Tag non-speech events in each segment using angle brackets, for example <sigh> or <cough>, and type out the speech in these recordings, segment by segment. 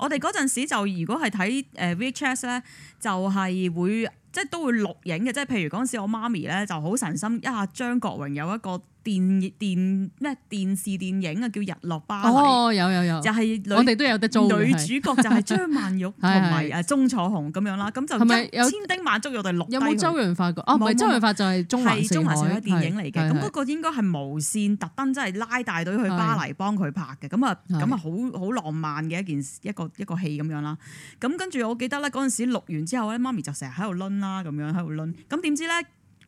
我哋嗰陣時就如果係睇誒 VHS 咧，就係、是、會。即係都會錄影嘅，即係譬如嗰陣時，我媽咪咧就好神心。一啊，張國榮有一個電電咩電視電影啊，叫《日落巴黎》。哦，有有有。就係我哋都有得租。女主角就係張曼玉同埋啊，鍾楚紅咁 <laughs> 樣啦。咁就千叮萬囑，我哋錄低有冇周潤發唔係、啊、是是周潤發就，就係中華。係中華電影嚟嘅，咁嗰個應該係無線特登，真係拉大隊去巴黎幫佢拍嘅。咁啊，咁啊，好好浪漫嘅一件事一個一個,一個戲咁樣啦。咁跟住我記得咧，嗰陣時錄完之後咧，媽咪就成日喺度啦咁樣喺度掄，咁點知咧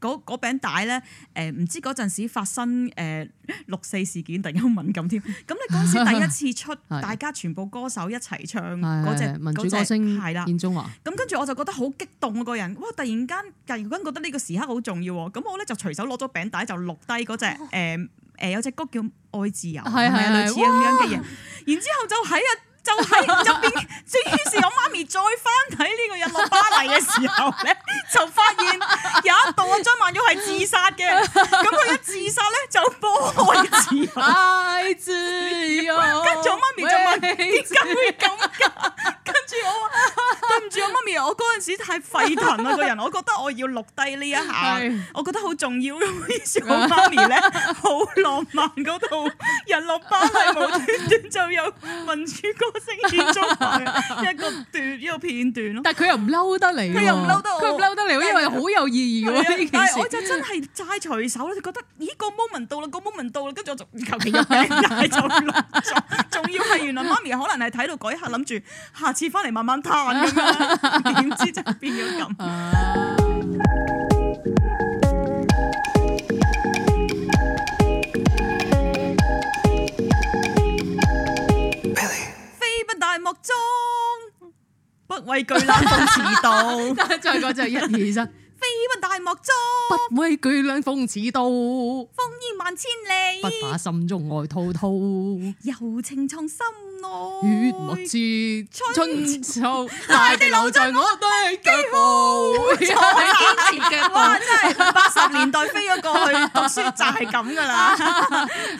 嗰嗰餅帶咧？誒，唔知嗰陣時發生誒六四事件，突然好敏感添。咁你嗰陣時第一次出， <laughs> 大家全部歌手一齊唱嗰隻《 <laughs> 的隻民主歌聲係啦，獻中華，咁了跟住我就覺得好激動啊，個人哇！突然間突然間覺得呢個時刻好重要。咁我咧就隨手攞咗餅帶就錄低嗰隻誒誒有隻歌叫《愛自由》，係係 <laughs> 類似咁哇 樣嘅嘢。然之後，後就喺啊。就喺入邊，於是，我媽咪再翻睇呢個《日落巴黎》嘅時候咧，就發現有一度啊張曼玉係自殺嘅。咁佢一自殺咧，就波開自由，自由自跟住我媽咪就問：點解會咁？跟住我話：對唔住，我媽咪，我陣時太沸騰啦，個人，我覺得我要錄低呢一下，是我覺得好重要。於是，我媽咪咧好浪漫嗰套《日落巴黎》，冇端端就有民主角。我中，一個段，一個片段咯。但係佢又唔嬲得嚟，佢又唔嬲得我，佢唔嬲得你，是因為好有意義喎、啊、的時但係我，我就真係齋隨手咯，就覺得咦個 moment 到啦，個 moment 到啦，跟住我求其又就錄咗，仲要係原來媽咪可能係睇到一下諗住下次翻嚟慢慢嘆咁樣，點知就變咗咁。中不畏巨浪風似刀，再講就係一二三，飛奔大漠中，不畏巨浪風似刀，風煙 <music> 萬千里，不把 <music> 心中愛滔滔，柔 <music> 情藏心內，月落枝春，春大地老在我對歌，你堅持嘅話真係八十年代飛咗過去讀書就係咁㗎啦，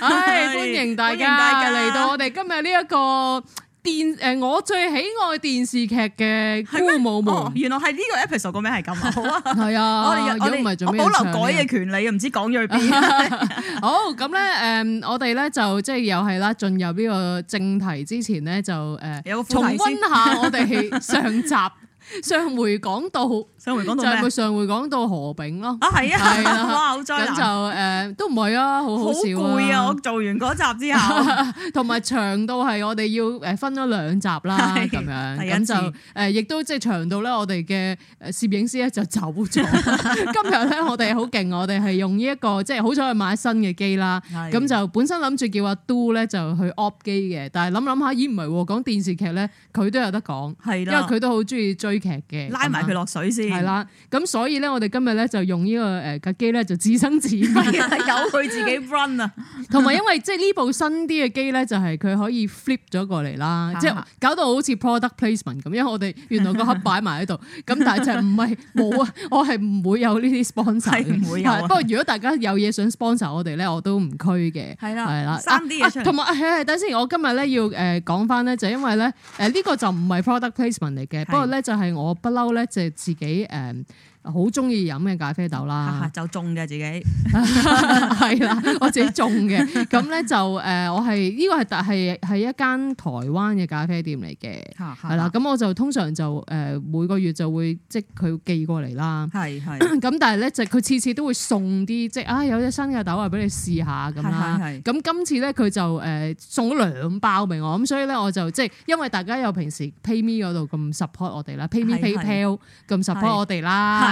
唉、 <laughs> 哎，歡迎大家嚟到我哋今日呢一個。電誒，我最喜愛電視劇嘅孤鶩鶩，原來係呢個 episode 個名係咁啊！係 <laughs> 啊，我哋唔係做咩保留改嘅權利，唔知講咗去邊。 <laughs> <laughs> 好咁咧，誒、嗯，我哋咧就即係又係啦，進、就是、入呢個正題之前咧就誒，呃、重溫下我哋上集。 <laughs> 上回講到，上回講到咩？上回講到何炳咯。啊，係啊，了哇，好災難。咁就誒、呃，都唔係啊，好好笑啊。好攰啊！我做完嗰集之後，同埋 <laughs> 長度係我哋要誒分咗兩集啦，咁是樣。咁就，緻、呃。亦都即係長度咧，我哋嘅攝影師咧就走咗。 <laughs> 今日咧，我哋好勁，我哋係用呢、這、一個即係、就是、好彩買新嘅機啦。咁的就本身諗住叫阿都咧就去 op 機嘅，但係諗諗下，咦唔係，講電視劇咧佢都有得講。因為佢都好中意追。 <laughs> 劇嘅拉埋佢落水先係啦，咁所以咧，我哋今日咧就用呢個誒架機咧就自生自滅，由佢自己 run 啊。同埋因為即係呢部新啲嘅機咧，就係佢可以 flip 咗過嚟啦，即係是是 搞到好似 product placement 咁。因為我哋原來個盒擺埋喺度，咁但係就唔係冇啊，我係唔會有呢啲 sponsor，唔會有。不過如果大家有嘢想 sponsor 我哋咧，我都唔拘嘅，係啦的，係啦了，新啲嘢出。同埋係係等先，我今日咧要誒講翻咧，就是、因為咧誒呢個就唔係 product placement 嚟嘅的，不過咧就係、是。我不嬲咧，就係自己誒。Um, 好中意飲嘅咖啡豆啦、啊，就種嘅自己係啦， <laughs> 我自己種嘅咁咧就誒、呃，我係呢個係係係一間台灣嘅咖啡店嚟嘅，係啦、啊，咁的我就通常就誒、呃、每個月就會即佢寄過嚟啦，係咁的，但係咧就佢次次都會送啲即啊有隻新嘅豆啊俾你試下咁啦，咁今的次咧佢就誒、呃、送咗兩包俾我，咁所以咧我就即係因為大家有平時 PayMe 嗰度咁 support 我哋啦，PayMe PayPal 咁 support 我哋啦。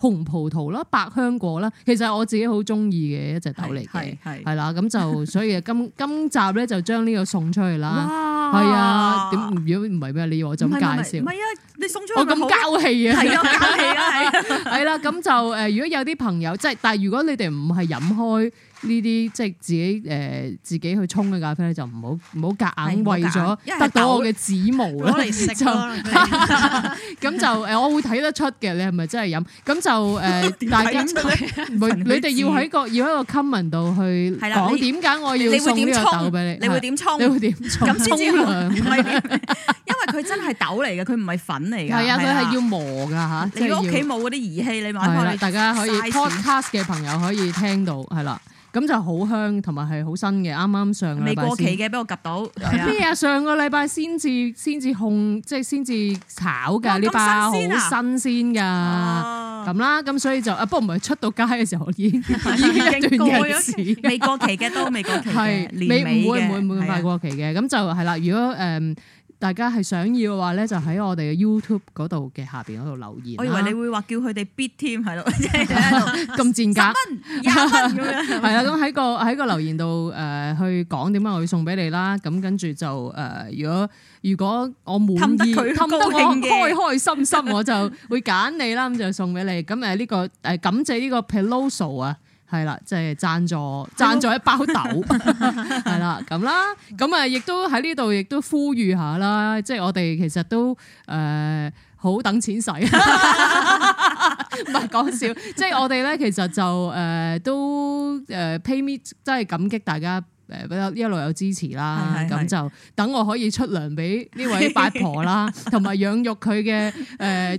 紅葡萄啦，百香果啦，其實我自己好中意嘅一隻豆嚟嘅，係啦，咁就所以今今集咧就將呢個送出去啦，係啊，點唔要唔係咩？你我就咁介紹？唔係啊，你送出我咁交氣啊，係啊，交氣啊，係，係啦，咁就誒，如果有啲朋友即係，但係如果你哋唔係飲開呢啲即係自己誒自己去沖嘅咖啡咧，就唔好唔好夾硬為咗得到我嘅指毛啦，咁就誒，我會睇得出嘅，你係咪真係飲？咁。就誒，大家， <laughs> 你你哋要喺個要喺個 comment 度去講點解我要送呢個豆俾你？你會點沖？對 <laughs> 你會點沖？咁沖涼唔係，因為佢真係豆嚟嘅，佢唔係粉嚟嘅。係啊對，佢係對要磨噶嚇。你屋企冇嗰啲儀器，你買落嚟。大家可以 podcast 嘅朋友可以聽到，係啦。咁就好香，同埋係好新嘅，啱啱上，上。未過、啊、期嘅，俾我 𥄫 到。邊日，上個禮拜先至先至烘，即係先至炒㗎呢包，好、哦、新鮮㗎。咁啦，咁、啊、所以就，不過唔係出到街嘅時候已經已經過咗期。未 <laughs> <laughs> 過期嘅都未過期嘅，未唔是會唔會唔會咁快過期嘅。咁就係啦。如果誒。Um, 大家係想要嘅話咧，就喺我哋嘅 YouTube 嗰度嘅下邊嗰度留言。我以為你會話叫佢哋 bid 添，喺度即喺度咁賤格，廿蚊咁樣。啦、那個，咁喺 <laughs> 個喺個留言度誒、呃、去講點解我要送俾你啦。咁跟住就誒、呃，如果如果我滿意，氹得，得我開開心心，我就會揀你啦。咁 <laughs> 就送俾你。咁誒呢個誒、呃、感謝呢個 Peloso 啊。係啦，即係贊助，贊助一包豆，係啦咁啦，咁啊亦都喺呢度，亦都呼籲下啦，即係我哋其實都誒、呃、好等錢使，唔係講笑，即係 <laughs> 我哋咧其實就誒、呃、都誒 pay me，真係感激大家。誒不一一路有支持啦，咁就等我可以出糧俾呢位八婆啦，同埋 <laughs> 養育佢嘅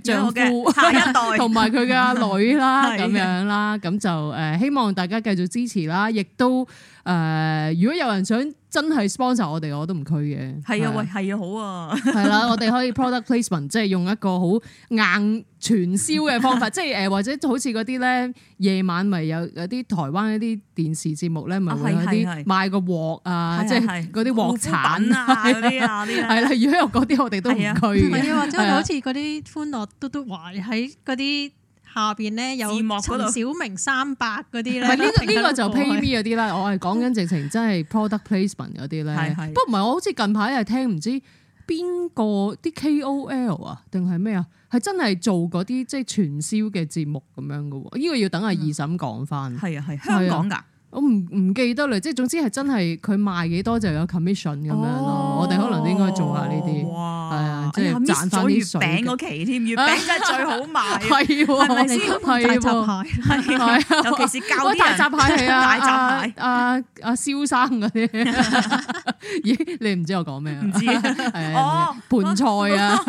誒丈夫下一代同埋佢嘅女啦，咁 <laughs> 的樣啦，咁就誒希望大家繼續支持啦，亦都。誒、呃，如果有人想真係 sponsor 我哋，我都唔拒嘅。係啊，啊，喂，係啊，好啊。係 <laughs> 啦、啊，我哋可以 product placement，即係用一個好硬傳銷嘅方法，啊、即係誒，或者好似嗰啲咧，夜晚咪有有啲台灣一啲電視節目咧，咪會有啲賣個鑊啊，是啊是即係嗰啲鑊鏟啊嗰啲啊，嗰啲係啦。啊、如果有嗰啲我哋都唔拒。唔係啊，啊，或者好似嗰啲歡樂嘟嘟，喺嗰啲。下邊咧有陳小明三百嗰啲咧，呢、 <laughs> 這個呢、這個就 PayMe 嗰啲啦。我係講緊直情真係 product placement 嗰啲咧。 <laughs> 不過，唔係我好似近排係聽唔知邊個啲 KOL 啊，定係咩啊？係真係做嗰啲即係傳銷嘅節目咁樣噶？呢、這個要等阿二嬸講翻。係、嗯、啊係、啊，香港噶、啊，我唔唔記得嘞。即係總之係真係佢賣幾多就有 commission 咁樣咯。哦、我哋可能應該做下呢啲。哇，係啊。即係賺翻啲月餅期添，月餅真係最好賣，係咪先？大雜牌，係啊？尤其是舊啲人即係大雜牌，阿阿蕭生嗰啲，咦？你唔知我講咩啊？唔知，係哦，盤菜啊，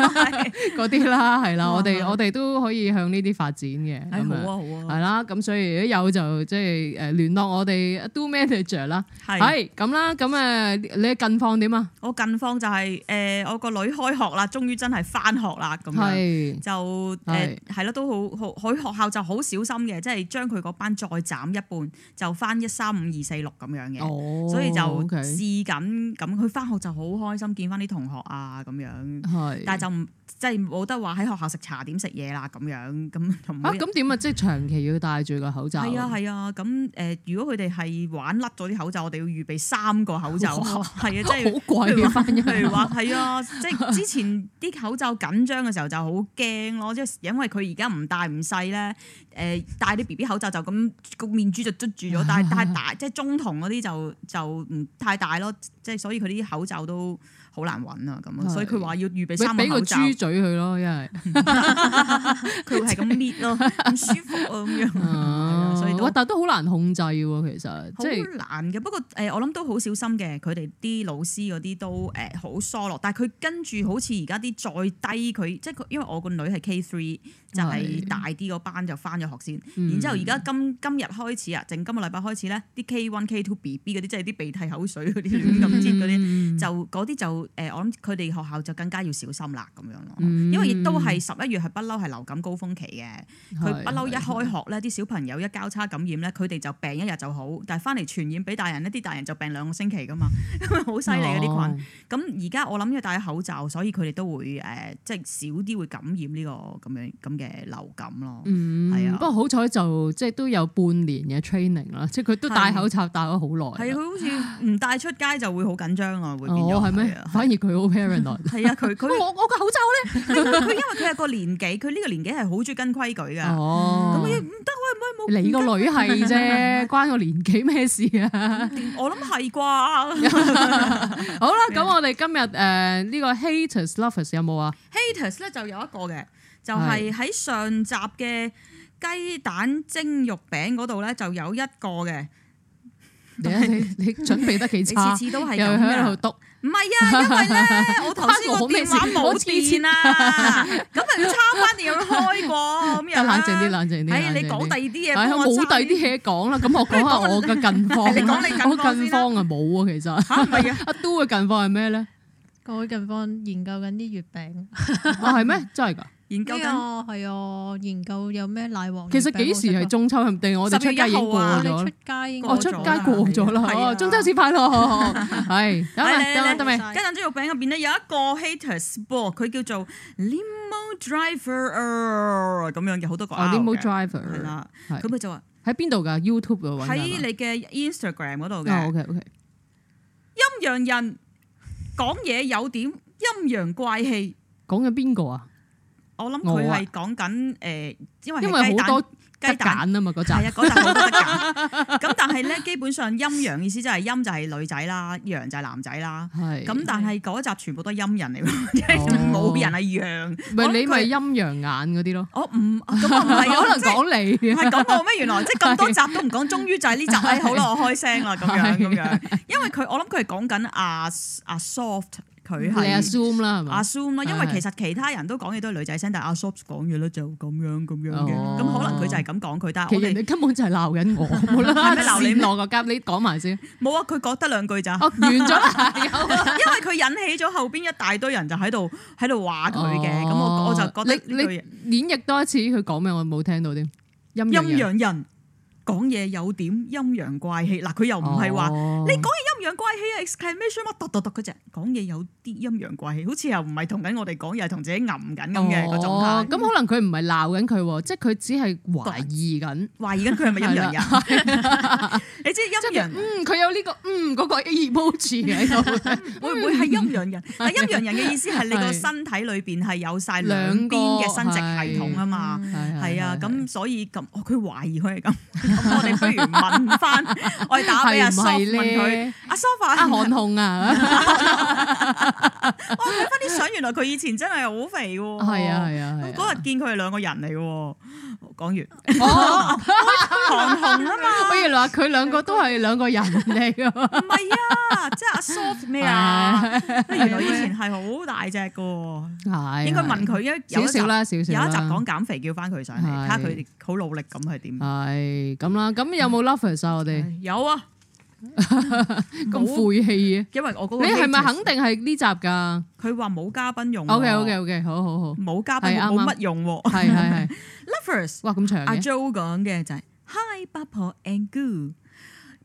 嗰啲啦，係啦，我哋我哋都可以向呢啲發展嘅，係好係啦，咁所以如果有就即係誒聯絡我哋 do manager 啦，係咁啦，咁誒你近況點啊？我近況就係誒我個女開學啦。終於真係翻學啦，咁樣是就誒係咯，都好好，佢學校就好小心嘅，即係將佢嗰班再斬一半，就翻一三五二四六咁樣嘅，哦、所以就試緊咁。佢翻 okay. 學就好開心，見翻啲同學啊咁樣，是但係就唔。即係冇得話喺學校食茶點食嘢啦，咁樣咁唔啊？咁點啊？即係長期要戴住個口罩。係啊係啊，咁誒、啊，如果佢哋係玩甩咗啲口罩，我哋要預備三個口罩。係啊，即係好貴。譬如話，譬如話，係啊，即係之前啲口罩緊張嘅時候就好驚咯，即係因為佢而家唔大唔細咧。誒，戴啲 B B 口罩就咁個面珠就捽住咗，哇但係戴，大即係中童嗰啲就就唔太大咯，即係所以佢啲口罩都。好難揾啊，咁啊，是所以佢話要預備三個口罩，俾個豬嘴佢咯，因為佢會係咁搣咯，唔舒服啊咁樣、哦，所以都但都好難控制喎，其實即係難嘅。就是、不過誒，我諗都好小心嘅，佢哋啲老師嗰啲都誒好疏落。但係佢跟住好似而家啲再低，佢即係佢，因為我個女係 K three。就係大啲個班就翻咗學先，嗯、然之後而家今今日開始啊，淨今個禮拜開始咧，啲 K one、K two、BB 嗰啲，即係啲鼻涕口水嗰啲流感嗰啲，嗯、就嗰啲就誒，我諗佢哋學校就更加要小心啦咁樣咯，嗯、因為亦都係十一月係不嬲係流感高峰期嘅，佢不嬲一開學咧，啲小朋友一交叉感染咧，佢哋就病一日就好，但係翻嚟傳染俾大人咧，啲大人就病兩個星期噶嘛，因 <laughs> 好犀利嗰啲菌。咁而家我諗因為戴口罩，所以佢哋都會誒、呃，即係少啲會感染呢、這個咁樣咁。誒，流感咯，嗯，係啊，不過好彩就即係都有半年嘅 training 啦，即係佢都戴口罩戴咗、啊、好耐。係佢好似唔戴出街就會好緊張啊，會變咩？反而佢好 parental。係啊，佢佢、啊、他我我個口罩咧，佢 <laughs> 因為佢係個年紀，佢呢個年紀係好中意跟規矩噶。哦，咁亦唔得啊，唔係冇你個女係啫， <laughs> 關個年紀咩事啊？我諗係啩。 <laughs> 好啦，咁我哋今日誒呢個 haters lovers 有冇啊？haters 咧就有一個嘅。就係喺上集嘅雞蛋蒸肉餅嗰度咧，就有一個嘅。你你你準備得幾差？次次都係咁喺度篤。唔係啊，因為咧我頭先個電話冇電啦，咁咪要叉返電開過咩啦？得冷靜啲，冷靜啲。係啊，你講第二啲嘢，我冇第二啲嘢講啦。咁我講下我嘅近況。我近況啊，冇啊，其實嚇阿都嘅近況係咩咧？各位近況研究緊啲月餅啊，係咩真係㗎？研究係啊，研究有咩奶黃？其實幾時係中秋？定我哋出街影過咗啦。我出街過咗啦，中秋先拍咯。係得啦，得啦，得未？雞蛋豬肉餅入邊咧有一個 haters book，佢叫做 limo driver 咁樣嘅，好多個。limo driver 係啦，咁佢就話喺邊度噶？YouTube 喎，喺你嘅 Instagram 嗰度嘅。啊，OK OK。陰陽人講嘢有點陰陽怪氣。講緊邊個啊？我諗佢係講緊誒，因為雞蛋，雞蛋啊嘛嗰集，得咁但係咧基本上陰陽意思就係陰就係女仔啦，陽就係男仔啦。咁但係嗰集全部都係陰人嚟，冇人係陽。唔係你咪陰陽眼嗰啲咯。我唔咁我唔係，可能講你唔係講我咩？原來即係咁多集都唔講，終於就係呢集。哎，好啦，我開聲啦，咁樣咁樣。因為佢我諗佢係講緊阿阿 soft。佢係 assume 啦，阿 assume 啦，因為其實其他人都講嘢都係女仔聲，但係 assume 講嘢咧就咁樣咁樣嘅，咁可能佢就係咁講佢，但係我哋根本就係鬧緊我，冇啦，鬧你我夾，你講埋先。冇啊，佢講得兩句咋？哦，完咗，因為佢引起咗後邊一大堆人就喺度喺度話佢嘅，咁我我就覺得你演繹多一次佢講咩，我冇聽到啲陰陽人。講嘢有點陰陽怪氣，嗱，佢又唔係話你講嘢陰陽怪氣啊 exclamation 乜剁剁剁嗰隻講嘢有啲陰陽怪氣，好似又唔係同緊我哋講，又係同自己吟緊咁嘅個狀態。咁可能佢唔係鬧緊佢喎，即係佢只係懷疑緊，懷疑緊佢係咪陰陽人？你知陰陽嗯，佢有呢個嗯，嗰個 emoji 喺度，會唔會係陰陽人？但陰陽人嘅意思係你個身體裏邊係有晒兩邊嘅生殖系統啊嘛，係啊，咁所以咁佢懷疑佢係咁。咁 <laughs> 我哋、so、不如問翻，我哋打俾阿 so，問佢阿 sofa 韓紅啊，我睇翻啲相，原來佢以前真係好肥喎，係啊係啊係，嗰日、啊、見佢係兩個人嚟嘅。講 <laughs> 完，哦、我佢兩紅啊嘛，我 <laughs> 原來佢兩個都係兩個人嚟噶，唔係啊，即係阿 Soft 咩啊， <laughs> 啊原來以前係好大隻噶，係 <laughs> 應該問佢一少少，少少啦，少少有一集講減肥叫返佢上嚟，睇下佢哋好努力咁係點，係咁啦，咁有冇 Lovers 啊，我哋 <laughs> 有啊。咁晦氣啊！因為我嗰你係咪肯定係呢集噶？佢話冇嘉賓用。O K O K O K，好好好，冇嘉賓冇乜用。係係係，Lovers，哇咁長。阿 Jo 講嘅就係 Hi，Baba and Goo，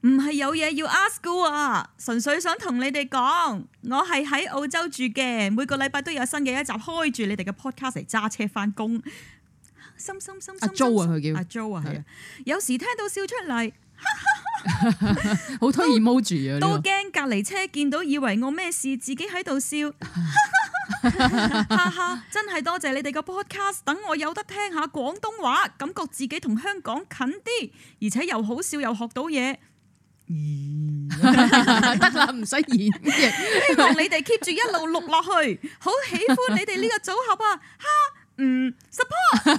唔係有嘢要 ask 啊，純粹想同你哋講，我係喺澳洲住嘅，每個禮拜都有新嘅一集開住你哋嘅 podcast 嚟揸車翻工。心心心心，阿 Jo 啊，佢叫阿 Jo 啊，係有時聽到笑出嚟。好拖 emoji 啊！都驚隔籬車見到以為我咩事，自己喺度笑。哈哈，真係多謝你哋個 podcast，等我有得聽下廣東話，感覺自己同香港近啲，而且又好笑又學到嘢。咦，得啦，唔使演，希望你哋 keep 住一路錄落去，好喜歡你哋呢個組合啊！哈。 <laughs> 嗯，support，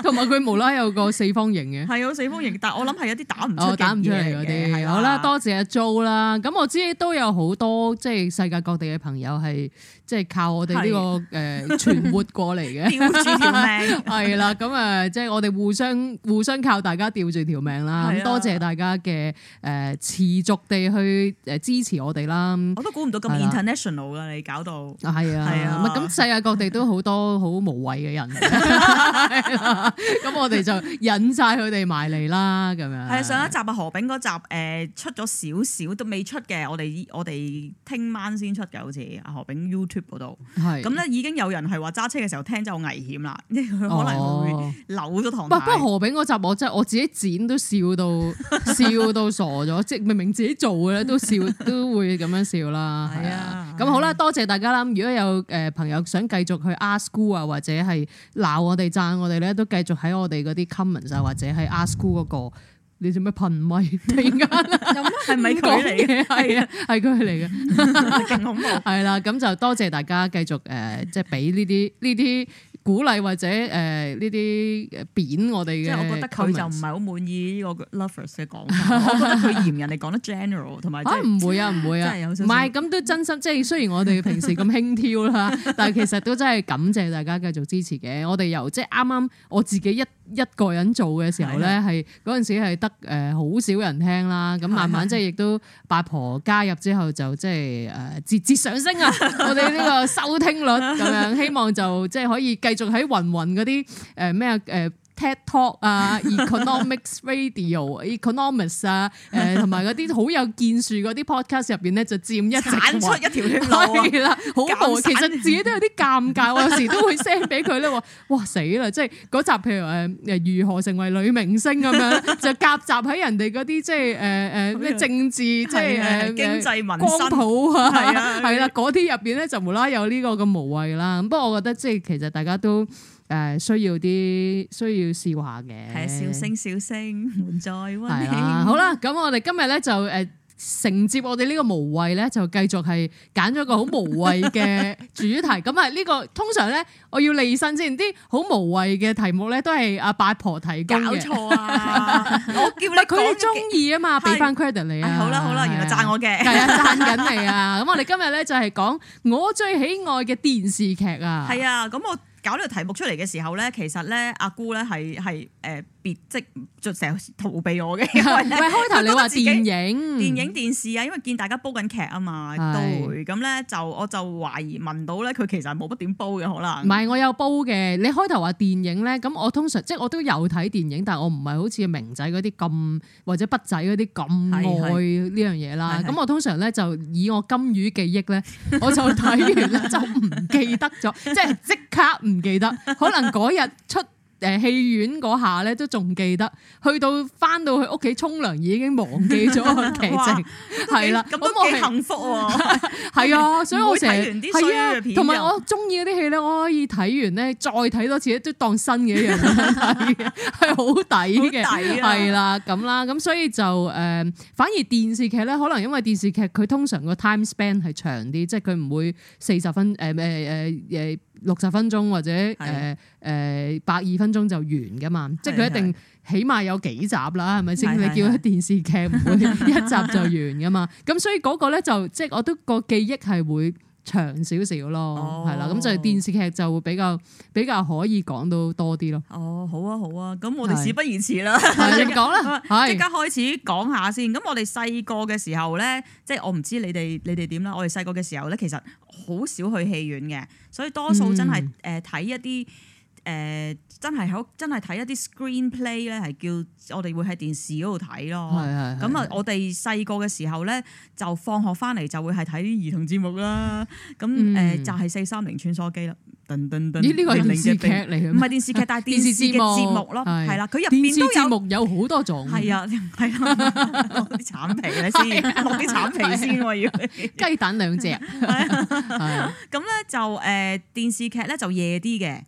同埋佢無啦有個四方形嘅，係有四方形，但我諗係有啲打唔出嘅嘢嚟嘅。的好啦，多謝阿、啊、Jo 啦，咁我知都有好多即係、就是、世界各地嘅朋友係。即係靠我哋呢個誒存活過嚟嘅 <laughs> 著命， <laughs> 吊住條命，係啦。咁誒，即係我哋互相互相靠，大家吊住條命啦。咁是的 多謝大家嘅誒持續地去誒支持我哋啦。我都估唔到咁 international 㗎，是的 你搞到係啊，啊。咁世界各地都好多好無謂嘅人，咁 <laughs> <laughs> 我哋就引晒佢哋埋嚟啦。咁樣係啊，上一集啊何炳嗰集誒、呃、出咗少少都未出嘅，我哋我哋聽晚先出嘅，好似啊何炳、YouTube 度，係咁咧，已經有人係話揸車嘅時候聽就危險啦，因為佢可能會扭咗糖、哦。不過何炳嗰集我真係我自己剪都笑到， <laughs> 笑到傻咗，即明明自己做嘅咧，都笑都會咁樣笑啦。係 <laughs> 啊，咁、啊、好啦，多謝大家啦。如果有誒朋友想繼續去 ASKGOO 啊，或者係鬧我哋、贊我哋咧，都繼續喺我哋嗰啲 comments 啊，或者喺 ASKGOO 嗰、那個。你做咩噴咪？突然間有咩？係咪佢嚟嘅？係啊，係佢嚟嘅，勁 <laughs> <laughs> 恐怖。係啦，咁就多謝大家繼續，誒，即係俾呢啲呢啲。鼓勵或者誒呢啲扁我哋嘅，我覺得佢就唔係好滿意呢個 lovers 嘅講法， <laughs> 我覺得佢嫌人哋講得 general，同埋嚇、就、唔、係、會啊唔會啊，唔係咁都真心，即係雖然我哋平時咁輕佻啦， <laughs> 但係其實都真係感謝大家繼續支持嘅。我哋由即係啱啱我自己一一個人做嘅時候咧，係嗰陣時係得誒好少人聽啦，咁慢慢即係亦都八婆加入之後就即係誒、呃、節節上升啊！ <laughs> <laughs> 我哋呢個收聽率咁樣，希望就即係可以繼仲喺雲雲嗰啲誒，咩啊誒？呃 TED Talk 啊，Economics Radio Economist,、Economics 啊，誒同埋嗰啲好有建樹嗰啲 podcast 入邊咧，就佔一成，出一條血路啦。好，其實自己都有啲尷尬，我有 <laughs> 時都會 send 俾佢咧。哇，死啦！即係嗰集，譬如誒誒如何成為女明星咁樣，就夾雜喺人哋嗰啲即係誒誒咩政治即係誒經濟民生譜啊，係啦，嗰啲入邊咧就無啦有呢、這個咁無謂啦。不過我覺得即係其實大家都。誒，需要啲需要笑下嘅，係啊，笑聲笑聲，唔再溫馨。係啦，好啦，咁我哋今日咧就誒承接我哋呢個無謂咧，就繼續係揀咗個好無謂嘅主題。咁啊，呢個通常咧，我要利身先啲好無謂嘅題目咧，都係阿八婆提供嘅。搞錯啊！我叫你講佢好中意啊嘛，俾翻 credit 你啊。好啦好啦，原來讚我嘅，係啊，讚緊你啊！咁我哋今日咧就係講我最喜愛嘅電視劇啊。係啊，咁我。搞呢個題目出嚟嘅時候咧，其實咧，阿姑咧係係誒。呃即就成日逃避我嘅。喂，開頭你話電影、電影、電視啊，因為見大家煲緊劇啊嘛，都會咁咧，就我就懷疑問到咧，佢其實冇乜點煲嘅可能。唔係，我有煲嘅。你開頭話電影咧，咁我通常即係我都有睇電影，但係我唔係好似明仔嗰啲咁或者筆仔嗰啲咁愛呢是樣嘢啦。咁是我通常咧就以我金魚記憶咧，我就睇完咧 <laughs> 就唔記得咗，即係即刻唔記得。可能嗰日出。誒，戲院嗰下咧都仲記得，去到返到去屋企沖涼已經忘記咗劇情，係啦，咁我幾幸福，係啊， <laughs> 所以我成日係啊，同埋的我中意嗰啲戲咧，我可以睇完咧再睇多次，都當新嘅一樣嚟睇，係好抵嘅，係啦， <laughs> 咁啦的，咁 <laughs> 所以就誒，反而電視劇咧，可能因為電視劇佢通常個 time span 係長啲，即係佢唔會四十分，誒誒誒誒。呃呃呃呃呃呃呃呃六十分鐘或者誒誒百二分鐘就完㗎嘛，的即係佢一定起碼有幾集啦，係咪先？的你叫佢電視劇唔會一集就完㗎嘛，咁的所以嗰個咧就即係我都個記憶係會長少少咯，係啦，咁就係電視劇就會比較比較可以講到多啲咯。哦，oh, 好啊，好啊，咁我哋事不如此啦，講啦，即刻開始講下先。咁是我哋細個嘅時候咧，即係我唔知你哋你哋點啦。我哋細個嘅時候咧，其實好少去戲院嘅，所以多數真係誒睇一啲。嗯誒真係喺真係睇一啲 screenplay 咧，係叫我哋會喺電視嗰度睇咯。咁啊，我哋細個嘅時候咧，就放學翻嚟就會係睇啲兒童節目啦。咁誒就係四三零穿梭機啦。噔噔噔！咦，呢個電視劇嚟嘅，唔係電視劇，但係電視嘅節目咯，係啦。佢入面都有，電視節目有好多種。係啊，係啊。落啲橙皮先，落啲橙皮先。要雞蛋兩隻。咁咧就誒電視劇咧就夜啲嘅。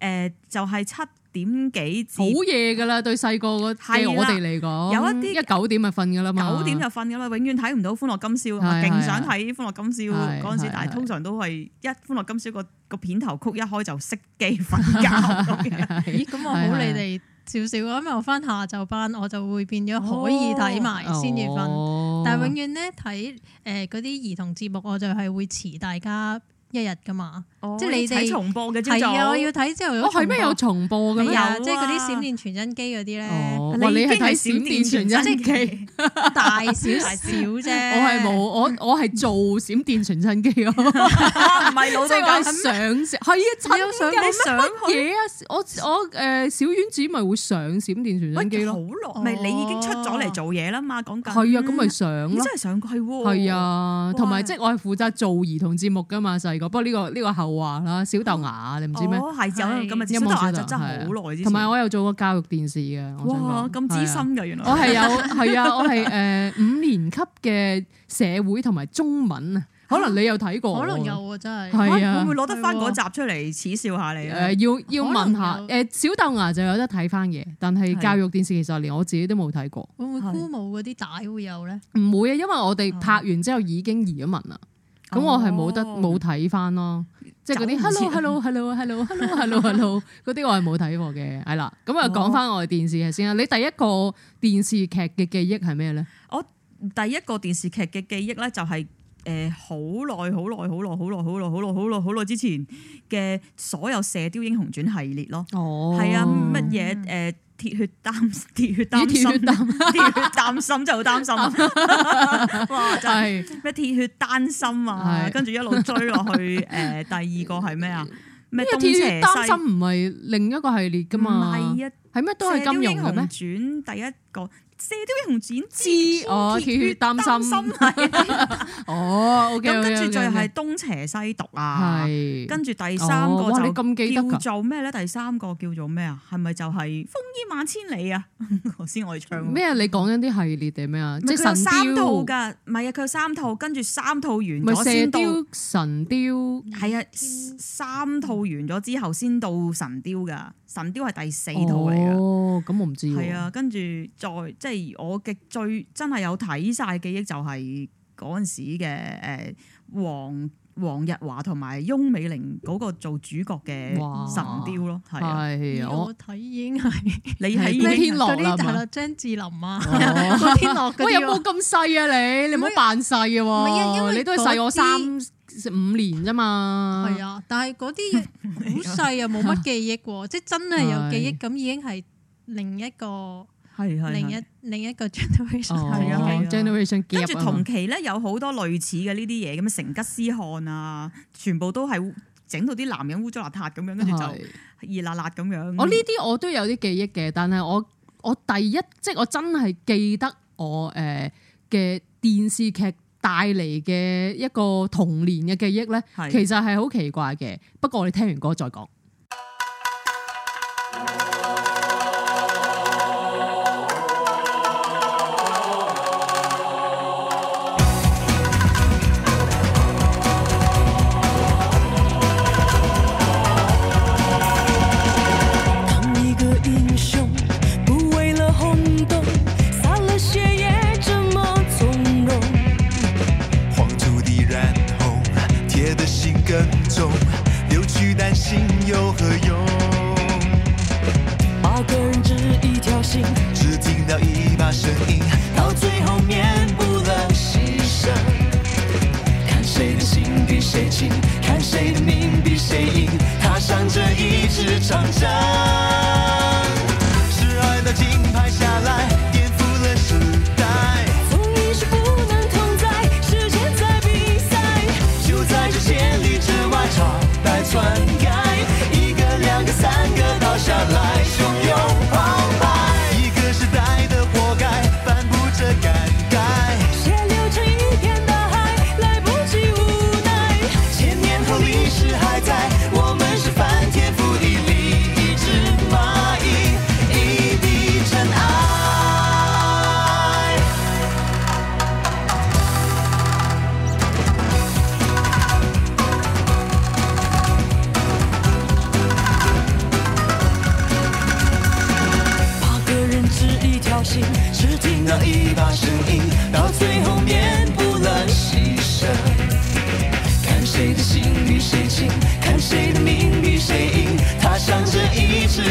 誒就係七點幾至，好夜㗎啦！對細個個，對我哋嚟講，有一啲一九點就瞓㗎啦嘛，九點就瞓㗎啦，永遠睇唔到《歡樂今宵》，勁想睇《歡樂今宵》嗰陣時，但係通常都係一《歡樂今宵》個個片頭曲一開就熄機瞓覺咁樣。咦，咁我好你哋少少。咁我翻下晝班，我就會變咗可以睇埋先至瞓，但係永遠咧睇誒嗰啲兒童節目，我就係會遲大家。一日噶嘛，即係你睇重播嘅啫。係啊，要睇朝頭早。我係咩有重播嘅咩？有即係嗰啲閃電傳真機嗰啲咧。哇，你係睇閃電傳真機，大少少啫。我係冇，我我係做閃電傳真機啊！唔係老豆講上，係啊，真嘅乜嘢啊？我我誒，小丸子咪會上閃電傳真機咯。好耐，咪你已經出咗嚟做嘢啦嘛？講緊係啊，咁咪上咯。真係上嘅係喎。係啊，同埋即係我係負責做兒童節目噶嘛，細個。不過呢個呢個後話啦，小豆芽你唔知咩？哦，係有，今有，小豆芽同埋我有做過教育電視嘅。哇，咁資深嘅原來。我係有，係啊，我係誒五年級嘅社會同埋中文啊。可能你有睇過？可能有啊，真係。係啊。會唔會攞得翻嗰集出嚟恥笑下你啊？誒，要要問下誒小豆芽就有得睇翻嘢，但係教育電視其實連我自己都冇睇過。會唔會枯木嗰啲帶會有咧？唔會啊，因為我哋拍完之後已經移咗文啦。咁、哦、我係冇得冇睇翻咯，即係嗰啲 hello hello hello hello hello hello hello 嗰啲 <laughs> 我係冇睇過嘅，係啦。咁啊講翻我哋電視劇先啦，哦、你第一個電視劇嘅記憶係咩咧？我第一個電視劇嘅記憶咧就係誒好耐好耐好耐好耐好耐好耐好耐好耐之前嘅所有《射雕英雄傳》系列咯。哦，係啊，乜嘢誒？呃鐵血丹鐵血丹心，鐵血丹心，心真係好擔心，啊！哇！係咩鐵血丹心啊？跟住一路追落去，誒，第二個係咩啊？咩東邪西……丹心唔係另一個系列噶嘛，係咩、啊、都係金庸嘅咩？轉第一個。射雕英雄傳之，鐵血丹心係，哦，咁跟住最後係東邪西毒啊，係，跟住第三個就咁叫做咩咧？第三個叫做咩啊？係咪就係風衣萬千里啊？頭先我哋唱咩？你講緊啲系列定咩啊？即三套噶。唔係啊，佢有三套，跟住三套完咗先到神雕，係啊，三套完咗之後先到神雕噶。神雕係第四套嚟㗎，咁、哦、我唔知。係啊，跟住再即係我嘅最真係有睇晒記憶就，就係嗰陣時嘅誒黃黃日華同埋翁美玲嗰個做主角嘅神雕咯，係哇。啊、我睇已經係我你睇《 <laughs> 天樂》嘛，係啦，張智霖啊，《倚天樂》。 <laughs> 喂，有冇咁細啊你？是你唔好扮細嘅喎，你都係細我三。五年咋嘛？係啊，但係嗰啲好細啊，冇乜記憶喎， <laughs> 即真係有記憶咁的已經係另一個另一的另一個 generation 跟住同期咧有好多類似嘅呢啲嘢，咁成吉思汗啊，全部都係整到啲男人污糟邋遢咁樣，跟住的就熱辣辣咁樣。的我呢啲我都有啲記憶嘅，但係我我第一即、即係、我真係記得我誒嘅電視劇。帶嚟嘅一個童年嘅記憶咧，其實係好奇怪嘅。不過我哋聽完歌再講。是長江。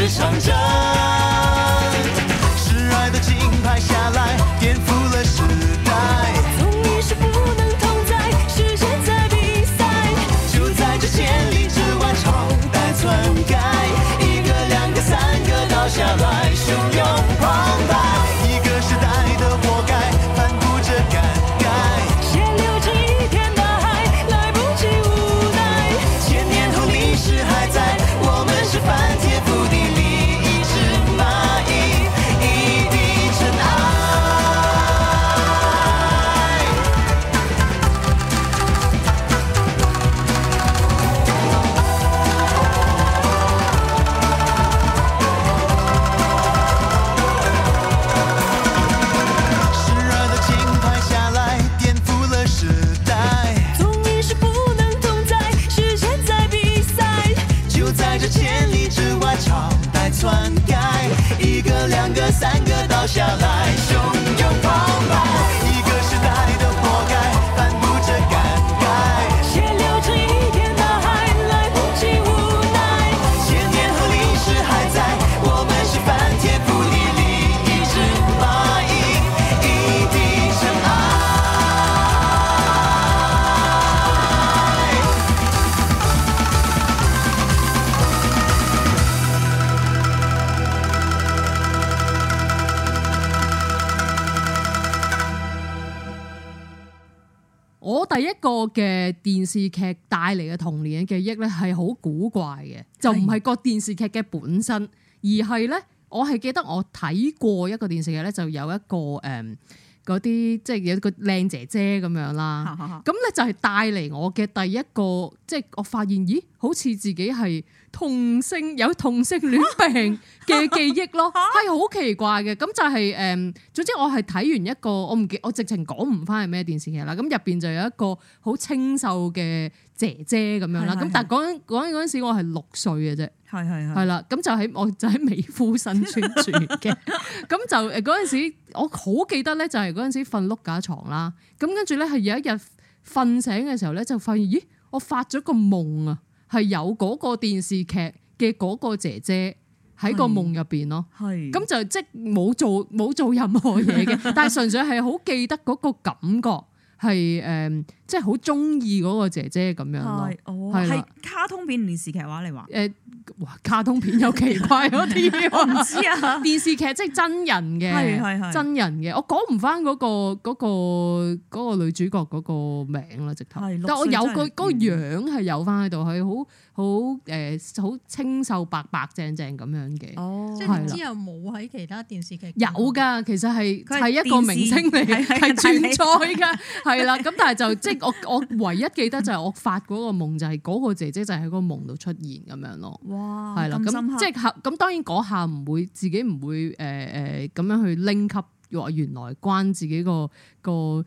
唱着。個嘅電視劇帶嚟嘅童年嘅記憶咧，係好古怪嘅，就唔係個電視劇嘅本身，而係咧，我係記得我睇過一個電視劇咧，就有一個誒，嗰啲即係有一個靚姐姐咁樣啦，咁咧 <laughs> 就係帶嚟我嘅第一個，即係我發現，咦，好似自己係。同性有同性戀病嘅記憶咯，係好、啊、奇怪嘅。咁就係、是、誒，總之我係睇完一個，我唔記，我直情講唔翻係咩電視劇啦。咁入邊就有一個好清秀嘅姐姐咁樣啦。咁是但係講講嗰陣時我，我係六歲嘅啫，係係係啦。咁就喺我就喺美孚新村住嘅。咁就嗰陣時，我好記得咧，就係嗰陣時瞓碌架床啦。咁跟住咧，係有一日瞓醒嘅時候咧，就發現咦，我發咗個夢啊！係有嗰個電視劇嘅嗰個姐姐喺個夢入邊咯，係咁就即冇做冇做任何嘢嘅， <laughs> 但係純粹係好記得嗰個感覺，係誒、呃、即係好中意嗰個姐姐咁樣咯，係、哦、了卡通片、電視劇話你話。你哇！卡通片有奇怪嗰啲， <laughs> 我唔知啊。電視劇即係真人嘅，係係係真人嘅，我講唔翻嗰個嗰、嗰個嗰個、女主角嗰個名啦，直頭。係。但我有個、嗰個樣係有翻喺度，係好。好誒，好清秀白白正正咁樣嘅，即係唔知有冇喺其他電視劇有㗎。其實係係一個明星嚟，嘅電，係存在㗎，係啦。 <laughs> 咁但係就即係我我唯一記得就係我發嗰個夢就係嗰個姐姐就喺嗰個夢度出現咁樣咯。哇！咁深刻。係啦，咁即係咁當然嗰下唔會自己唔會誒誒咁樣去拎級話原來關自己個個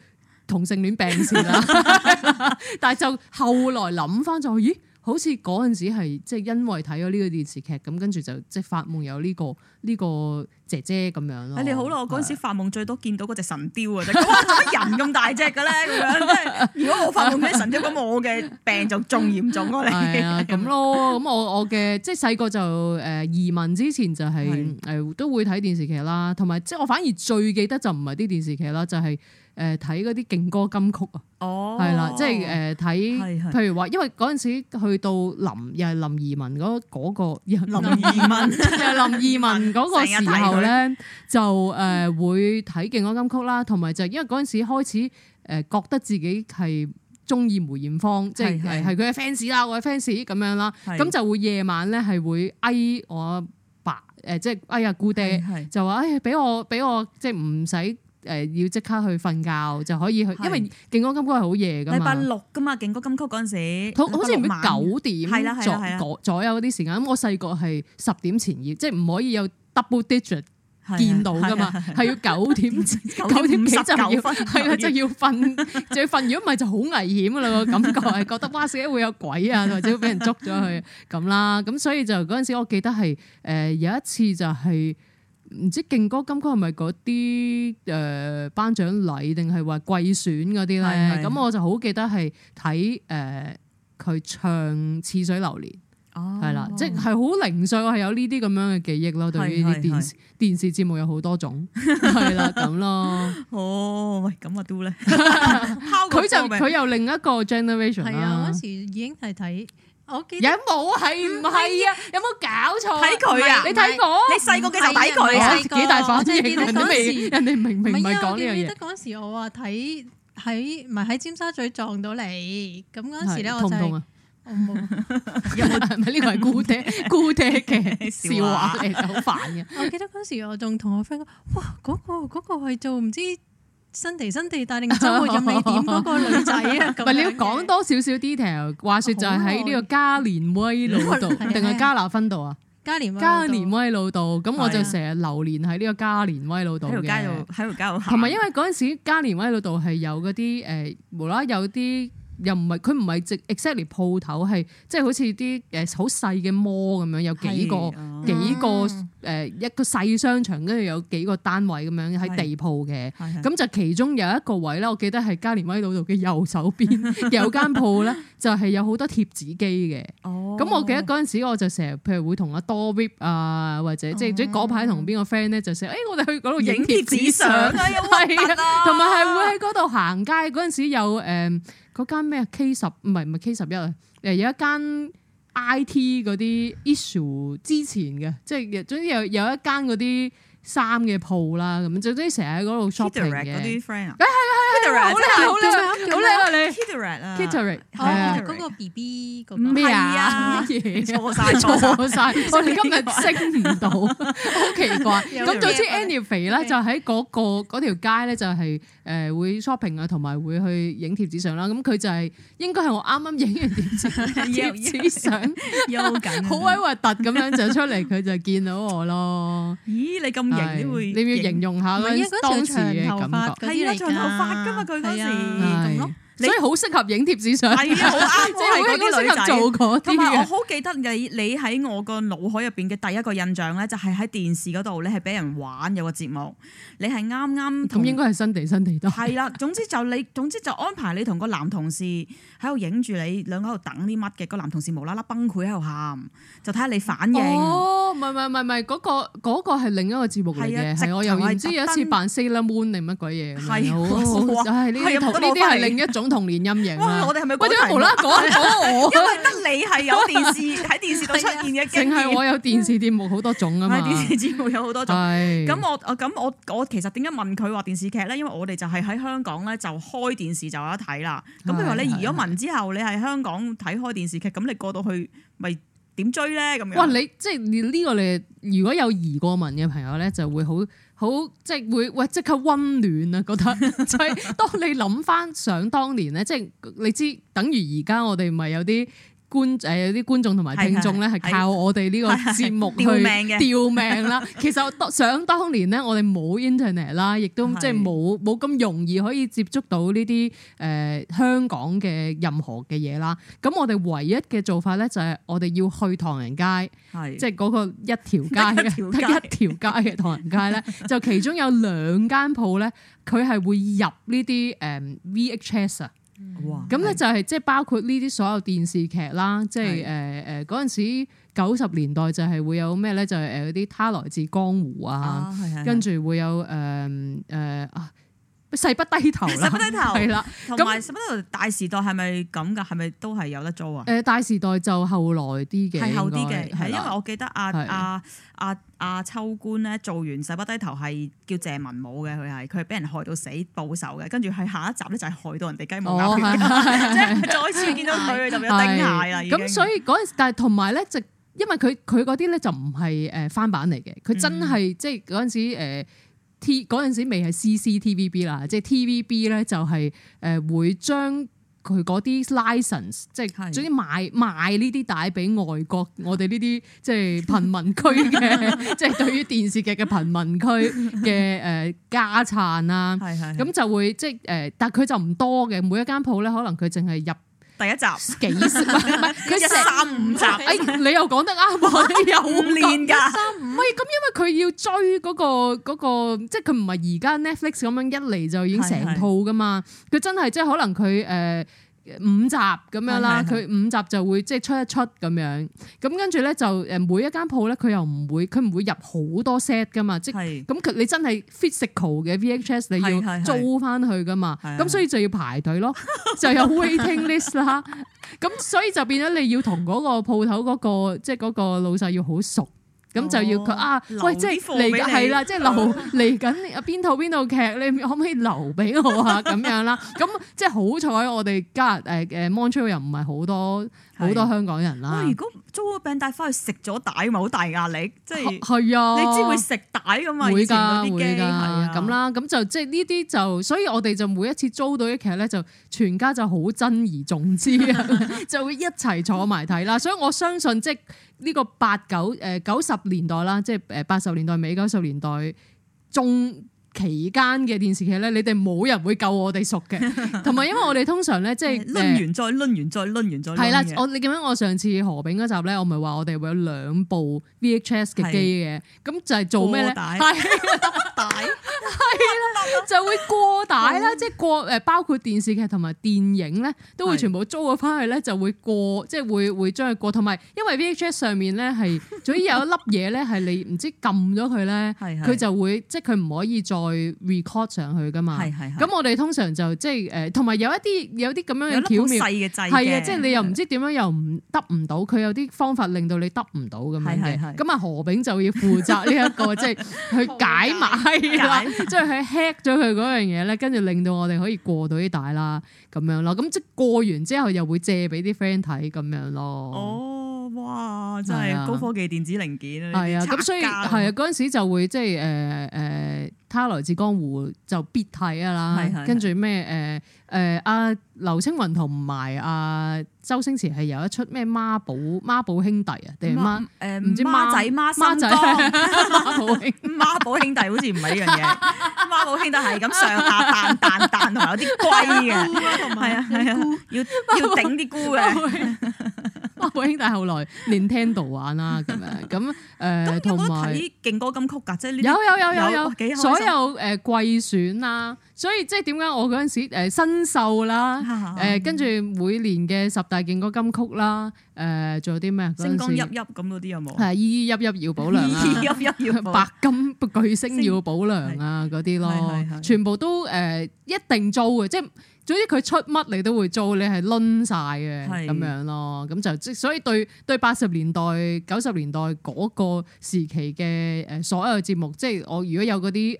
同性戀病事啦。 <laughs> <laughs> 但係就後來諗翻就咦？好似嗰陣時係即係因為睇咗呢個電視劇，咁跟住就即係發夢有呢、呢個呢、呢個姐姐咁樣咯。誒、啊、你好耐我嗰陣時發夢最多見到嗰隻神雕啊！哇，做乜人咁大隻嘅咧？咁樣即係如果我發夢咩神雕，咁 <laughs> 我嘅病就仲嚴重過、啊、你。係咁、 <laughs> 啊、咯。咁我我嘅即係細個就誒移民之前就係、是、誒是都會睇電視劇啦，同埋即係我反而最記得就唔係啲電視劇啦，就係、是。誒睇嗰啲勁歌金曲啊，哦，係啦，即係誒睇，譬如話，因為嗰陣時去到林，又係林二汶嗰嗰個，林二汶又係林二汶嗰個時候咧，就誒會睇勁歌金曲啦，同埋就因為嗰陣時開始誒覺得自己係中意梅艷芳，即係係佢嘅 fans 啦，我嘅 fans 咁樣啦，咁就會夜晚咧係會嗌我阿爸誒，即係哎呀姑爹就話哎呀俾我俾我即係唔使。誒要即刻去瞓覺就可以去，因為勁歌金曲係好夜㗎嘛。禮拜六㗎嘛，勁歌金曲嗰陣時，好似唔係九點左左右嗰啲時間。咁我細個係十點前要，即係唔可以有 double digit 見到㗎嘛。係要九點九點幾就要，瞓，就要瞓就要瞓。如果唔係就好危險㗎啦，個感覺係覺得哇死啊會有鬼啊，或者會俾人捉咗去咁啦。咁所以就嗰陣時，我記得係誒有一次就係。唔知勁歌金曲係咪嗰啲誒頒獎禮定係話季選嗰啲咧？咁是是 我就好記得係睇誒佢唱《似水流年》係、哦、啦，即係好零碎，我係有呢啲咁樣嘅記憶咯。對於呢啲電視是是是電視節目有好多種，係是啦咁咯。 <laughs> 哦，喂，咁啊都咧，佢 <laughs> 就佢又另一個 generation 係啊我嗰時已經係睇。有冇係唔係啊？有冇搞錯？睇佢啊！你睇我，你細個嘅時候睇佢，幾大反應？人哋未，人哋明明唔係講呢樣嘢。我記得嗰時我話睇喺唔係喺尖沙咀撞到你，咁嗰時咧我就係我冇。呢個係姑爹，姑爹嘅笑話嘅，好煩嘅。我記得嗰時我仲同我 friend 講，哇，嗰個嗰個係做唔知。新地新地帶，定周圍有味點嗰個女仔啊！唔係 <laughs> 這樣 你要講多少少 detail。 <laughs> 話説就係喺呢個加連威老道，定係 <laughs> 加拿分道啊？加連加連威老道，咁我就成日流連喺呢個加連威老道。嘅。喺條嘉路，喺度嘉路行。同埋因為嗰陣時加連威老道係有嗰啲誒，無啦有啲。又唔係佢唔係直 exactly 鋪頭，係即係好似啲誒好細嘅 mall 咁樣，有幾個的幾個誒一個細商場，跟住有幾個單位咁樣喺地鋪嘅。咁就其中有一個位咧，我記得係加連威老道嘅右手邊 <laughs> 有間鋪咧，就係、是、有好多貼紙機嘅。咁 <laughs> 我記得嗰陣時，我就成日譬如會同阿多 rip 啊，或者即係嗰排同邊個 friend 咧，就成日，誒我哋去嗰度影貼紙相啊，同埋係會喺嗰度行街。嗰陣時有誒。嗯嗯。嗰間咩 K 十，唔係唔係 K 十一啊！誒有一間 IT 嗰啲 issue 之前嘅，即係總之有有一間嗰啲。衫嘅鋪啦，咁總之成日喺嗰度 shopping 嘅嗰啲 friend 啊，係啊係啊，好靚啊！靚，好靚啊你。Katherine 啦，Katherine，係啊，嗰個 B B 個咩啊？錯曬錯曬，我哋今日升唔到，好奇怪。咁總之 Annie 肥啦，就喺嗰個嗰條街咧，就係誒會 shopping 啊，同埋會去影貼紙相啦。咁佢就係應該係我啱啱影完貼紙，貼紙相休緊，好鬼核突咁樣就出嚟，佢就見到我咯。咦？你咁？你唔要形容下咧，當時嘅感覺，係有、啊、長頭髮噶嘛？佢嗰時，時咁咯。所以好適合影貼紙相，係啊，好啱，即係嗰啲女仔。同埋我好記得你，你喺我個腦海入邊嘅第一個印象咧，就係喺電視嗰度，你係俾人玩有個節目，你係啱啱。咁應該係新地新地多。係啦，總之就你，總之就安排你同個男同事喺度影住你，兩個喺度等啲乜嘅，個男同事無啦啦崩潰喺度喊，就睇下你反應。哦，唔係唔係唔係，嗰個嗰個係另一個節目嚟嘅，係我由唔知有一次扮 Celine Moon 定乜鬼嘢，係就係呢套呢啲係另一種。同年音型啊！我哋係咪？我哋無啦啦講講， <laughs> 因為得你係有電視喺 <laughs> 電視度出現嘅，淨係 <laughs> 我有電視節目好多種啊嘛！ <laughs> 電視節目有好多種，咁是我咁我我其實點解問佢話電視劇咧？因為我哋就係喺香港咧就開電視就有得睇啦。咁譬如話你移咗民之後，是是是你喺香港睇開電視劇，咁你過到去咪、就是？點追咧咁樣？哇！你即係呢個你如果有移過民嘅朋友咧，就會好好即係會喂即刻溫暖啊！ <laughs> 覺得即係當你諗翻想當年咧，即係你知等於而家我哋咪有啲。觀誒有啲觀眾同埋聽眾咧，係靠我哋呢個節目去吊命啦。其實想當年咧，我哋冇 internet 啦，亦都即係冇冇咁容易可以接觸到呢啲誒香港嘅任何嘅嘢啦。咁我哋唯一嘅做法咧，就係我哋要去唐人街，即係嗰個一條街嘅 <laughs> 得一條街嘅唐人街咧，就其中有兩間鋪咧，佢係會入呢啲誒 VHS 啊。咁咧哇就係即係包括呢啲所有電視劇啦，即係誒誒嗰陣時九十年代就係會有咩咧？就係誒嗰啲《他來自江湖》啊，是是是，跟住會有誒誒啊。呃呃細不低頭啦，細不低頭，係啦，同埋細不低頭大時代係咪咁㗎？係咪都係有得租啊？誒大時代就後來啲嘅，係後啲嘅，係因為我記得阿阿阿阿秋官咧做完細不低頭係叫謝文武嘅，佢係佢係俾人害到死報仇嘅，跟住係下一集咧就係害到人哋雞毛鴨血，即係再次見到佢就俾叮牙啦。咁所以嗰陣時，但係同埋咧就因為佢佢嗰啲咧就唔係誒翻版嚟嘅，佢真係即係嗰陣時誒。T 嗰陣時未係 CCTVB 啦，即係 TVB 咧 TV 就係誒會將佢啲 license 即係總之買賣呢啲帶俾外國我哋呢啲即係貧民區嘅，即係 <laughs> 對於電視劇嘅貧民區嘅誒家產啊，咁 <laughs> 就會即係誒但佢就唔多嘅，每一間鋪咧可能佢淨係入。第一集幾時？唔係佢三五集。哎、欸，是是你又講得啱喎，又唔練㗎。三五，唔係咁，因為佢要追嗰、嗰個、嗰個、即係佢唔係而家 Netflix 咁樣一嚟就已經成套㗎嘛。佢是真係即係可能佢誒。呃五集咁樣啦，佢是五集就會即係出一出咁樣，咁跟住咧就誒每一間鋪咧佢又唔會佢唔會入好多 set 噶嘛，是是即係咁佢你真係 physical 嘅 VHS 你要租翻去噶嘛，咁是所以就要排隊咯，是是是就有 waiting list 啦，咁所以就變咗你要同嗰個鋪頭嗰個即係嗰個老細要好熟。咁就要佢啊！喂，即係嚟緊係啦，即係留嚟緊邊套邊套劇，你可唔可以留俾我啊？咁樣啦，咁即係好彩，我哋家入誒誒 Montreal 又唔係好多好多香港人啦。如果租個餅帶翻去食咗帶，咪好大壓力。即係係啊，你知會食帶噶嘛？會噶會噶，係啊咁啦。咁就即係呢啲就，所以我哋就每一次租到啲劇咧，就全家就好珍而重之，就會一齊坐埋睇啦。所以我相信即呢個八九誒九十年代啦，即係誒八十年代尾，九十年代中。期間嘅電視劇咧，你哋冇人會夠我哋熟嘅，同埋因為我哋通常咧，即係掄完再掄完再掄完再係啦。我你記唔記得我上次何炳嗰集咧？我咪話我哋會有兩部 VHS 嘅機嘅，咁的就係做咩咧？係帶帶，係啦是的， <laughs> 就是、會過帶啦，即係過誒，包括電視劇同埋電影咧，都會全部租咗返去咧，就會過，即、就、係、是、會會將佢過。同埋因為 VHS 上面咧係，總之有一粒嘢咧係你唔知撳咗佢咧，佢就會即係佢唔可以再。去 record 上去㗎嘛，咁我哋通常就即係誒，同埋有一啲有啲咁樣嘅巧妙嘅制，係啊，即係你又唔知點樣又唔得唔到，佢有啲方法令到你得唔到咁樣咁啊，何炳就要負責呢一個，即係去解碼，即係去 hack 咗佢嗰樣嘢咧，跟住令到我哋可以過到啲帶啦，咁樣咯，咁即係過完之後又會借俾啲 friend 睇咁樣咯。哦，哇，真係高科技電子零件，係啊，咁所以係啊，嗰陣時就會即係誒誒。《他來自江湖》就必睇是、呃呃、㗎喇，跟住咩誒誒阿劉青雲同埋阿。周星馳係有一出咩孖寶孖寶兄弟啊，定係孖？誒、呃、唔知孖仔孖孖仔？孖寶兄弟好似唔係呢樣嘢。孖 <laughs> 寶兄弟係咁上下彈，彈彈彈，同埋有啲龜嘅，係有啊，係有啊，要要頂啲菇嘅。孖寶兄弟後來 Nintendo 玩啦，咁樣咁誒同埋勁歌金曲㗎，即係有有有有有，有有有有所有誒季選啦，啊。所以即係點解我嗰陣時誒新秀啦，誒跟住每年嘅十大勁歌金曲啦，誒仲有啲咩啊？星光熠熠咁嗰啲有冇啊？誒熠熠熠熠耀保良啊，熠熠熠熠耀保良啊，白金巨星耀保良啊嗰啲咯，全部都誒一定租嘅，即係總之佢出乜你都會租，你係攆曬嘅咁樣咯。咁就所以對對八十年代九十年代嗰個時期嘅誒所有節目，即係我如果有嗰啲。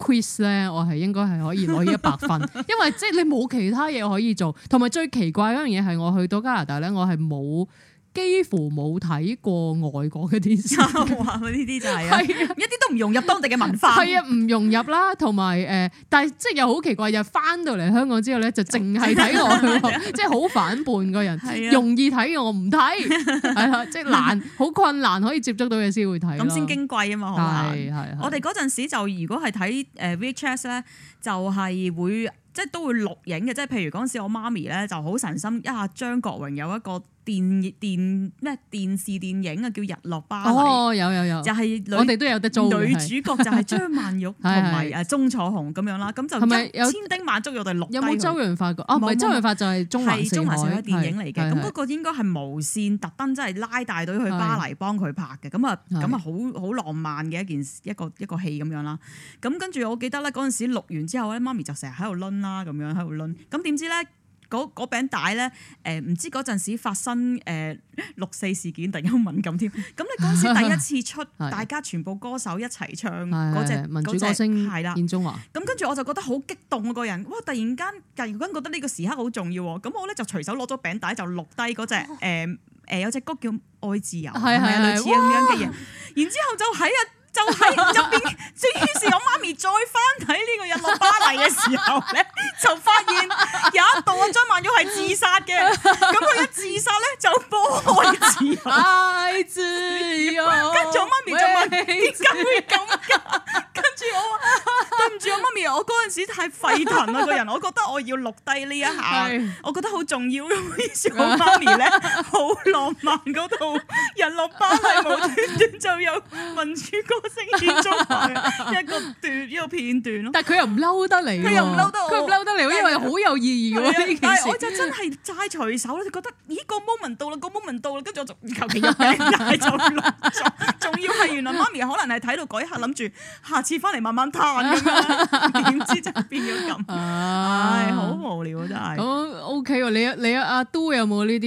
Quiz 咧，我係應該係可以攞一百分， <laughs> 因為即係你冇其他嘢可以做，同埋最奇怪一樣嘢係我去到加拿大咧，我係冇。幾乎冇睇過外國嘅電視，哇！呢啲就係、啊，是啊、 <laughs> 一啲都唔融入當地嘅文化。係啊，唔融入啦，同埋誒，但係即係又好奇怪，就係翻到嚟香港之後咧，就淨係睇內地， <laughs> 即係好反叛個人。是啊、容易睇我唔睇，係啦，即係難，好困難可以接觸到嘢先會睇。咁先矜貴啊嘛，係係、啊啊啊啊啊、我哋嗰陣時就如果係睇誒 VHS 咧，就係會即係都會錄影嘅，即係譬如嗰陣時我媽咪咧就好神心，一下張國榮有一個。電電咩？電視電影啊，叫《日落巴黎》哦。有有有，有就係我地都有得租。女主角就係張曼玉同埋啊鍾楚紅咁 <laughs> 樣啦，咁就千叮萬囑要我哋錄。有冇周潤發唔啊，是周潤發就係中。係中環上嘅電影嚟嘅，咁嗰個應該係無綫特登，真係拉大隊去巴黎幫佢拍嘅。咁啊，咁啊，好好是浪漫嘅一件一個一個戲咁樣啦。咁跟住我記得咧，嗰陣時錄完之後咧，媽咪就成日喺度掄啦，咁樣喺度掄。咁點知咧？嗰嗰餅帶咧，誒唔知嗰陣時發生誒六四事件，突然敏感添。咁你嗰陣時第一次出， <laughs> 的大家全部歌手一齊唱嗰隻的隻民主歌聲係啦的獻中華，咁跟住我就覺得好激動啊！個人，哇！突然間，突然間覺得呢個時刻好重要喎。咁我咧就隨手攞咗餅帶，就錄低嗰隻誒誒有隻歌叫《愛自由》，係啊，類似咁樣嘅嘢。然之後，後就喺啊～就係入邊， <laughs> 於是我媽咪再翻睇呢個日落巴黎嘅時候咧， <laughs> 就發現有一度阿張曼玉係自殺嘅，咁佢 <laughs> 一自殺咧就波開自由，跟住 <laughs> 由我媽咪就問點解 <laughs> 會咁？ <laughs> 跟住我，對唔住我媽咪，我嗰陣時太沸騰啦個人，我覺得我要錄低呢一下，是我覺得好重要。於是，我媽咪咧好浪漫嗰套日落巴黎，係冇端端就有民主歌聲獻中華一個段一個片段咯。但係佢又唔嬲得嚟，佢又唔嬲得，佢唔嬲得嚟，因為好有意義，但係我就真係齋隨手啦，就覺得咦個 moment 到啦，個 moment 到啦，跟住我就求其一鏡就錄咗，仲要係原來媽咪可能係睇到嗰一刻諗住下次翻嚟慢慢嘆咁樣，點知就變咗咁？唉，好無聊真係。咁 OK 喎，你啊，你啊，阿都有冇呢啲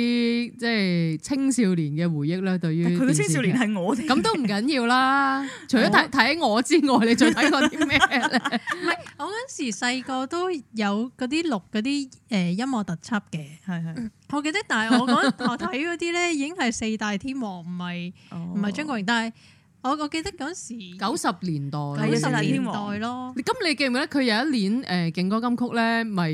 即係青少年嘅回憶咧？對於佢嘅青少年係我咁都唔緊要啦。除咗睇睇我之外，你仲睇過啲咩咧？唔係，我嗰時細個都有嗰啲錄嗰啲誒音樂特輯嘅，係係。我記得，但係我嗰我睇嗰啲咧，已經係四大天王，唔係唔係張國榮，但係。我我記得嗰時九十年代，九十年代咯。咁你記唔記得佢有一年誒，勁歌金曲咧，咪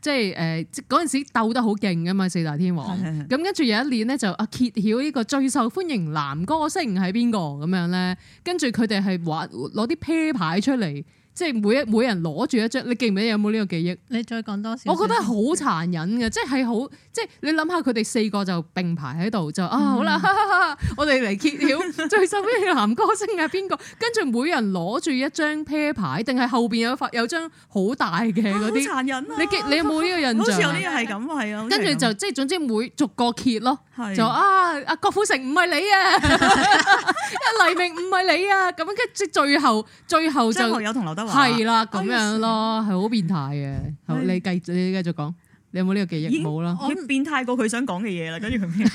即係誒，嗰陣時鬥得好勁嘅嘛，四大天王。咁跟住有一年咧，就啊，揭曉呢個最受歡迎男歌星係邊個咁樣咧？跟住佢哋係玩攞啲啤牌出嚟。即係每一每人攞住一張，你記唔記得有冇呢個記憶？你再講多少少？我覺得好殘忍嘅，即係好即係你諗下，佢哋四個就並排喺度就、嗯、啊，好啦，哈哈我哋嚟揭曉 <laughs> 最受歡迎男歌星係邊個？跟住每人攞住一張啤牌，定係後邊有塊有張好大嘅嗰啲。好殘忍、啊、你記,你有冇呢個印象？好似有啲嘢係咁，跟住就即係總之每逐個揭咯，是就啊，阿郭富城唔係你啊, <laughs> <laughs> 啊，黎明唔係你啊，咁跟即最後最後, <laughs> 最後就係啦，咁樣咯，係 I see. 好變態嘅。 <laughs> 好，你繼你繼續講。你有冇呢個記憶？冇啦，變態過佢想講嘅嘢啦，跟住佢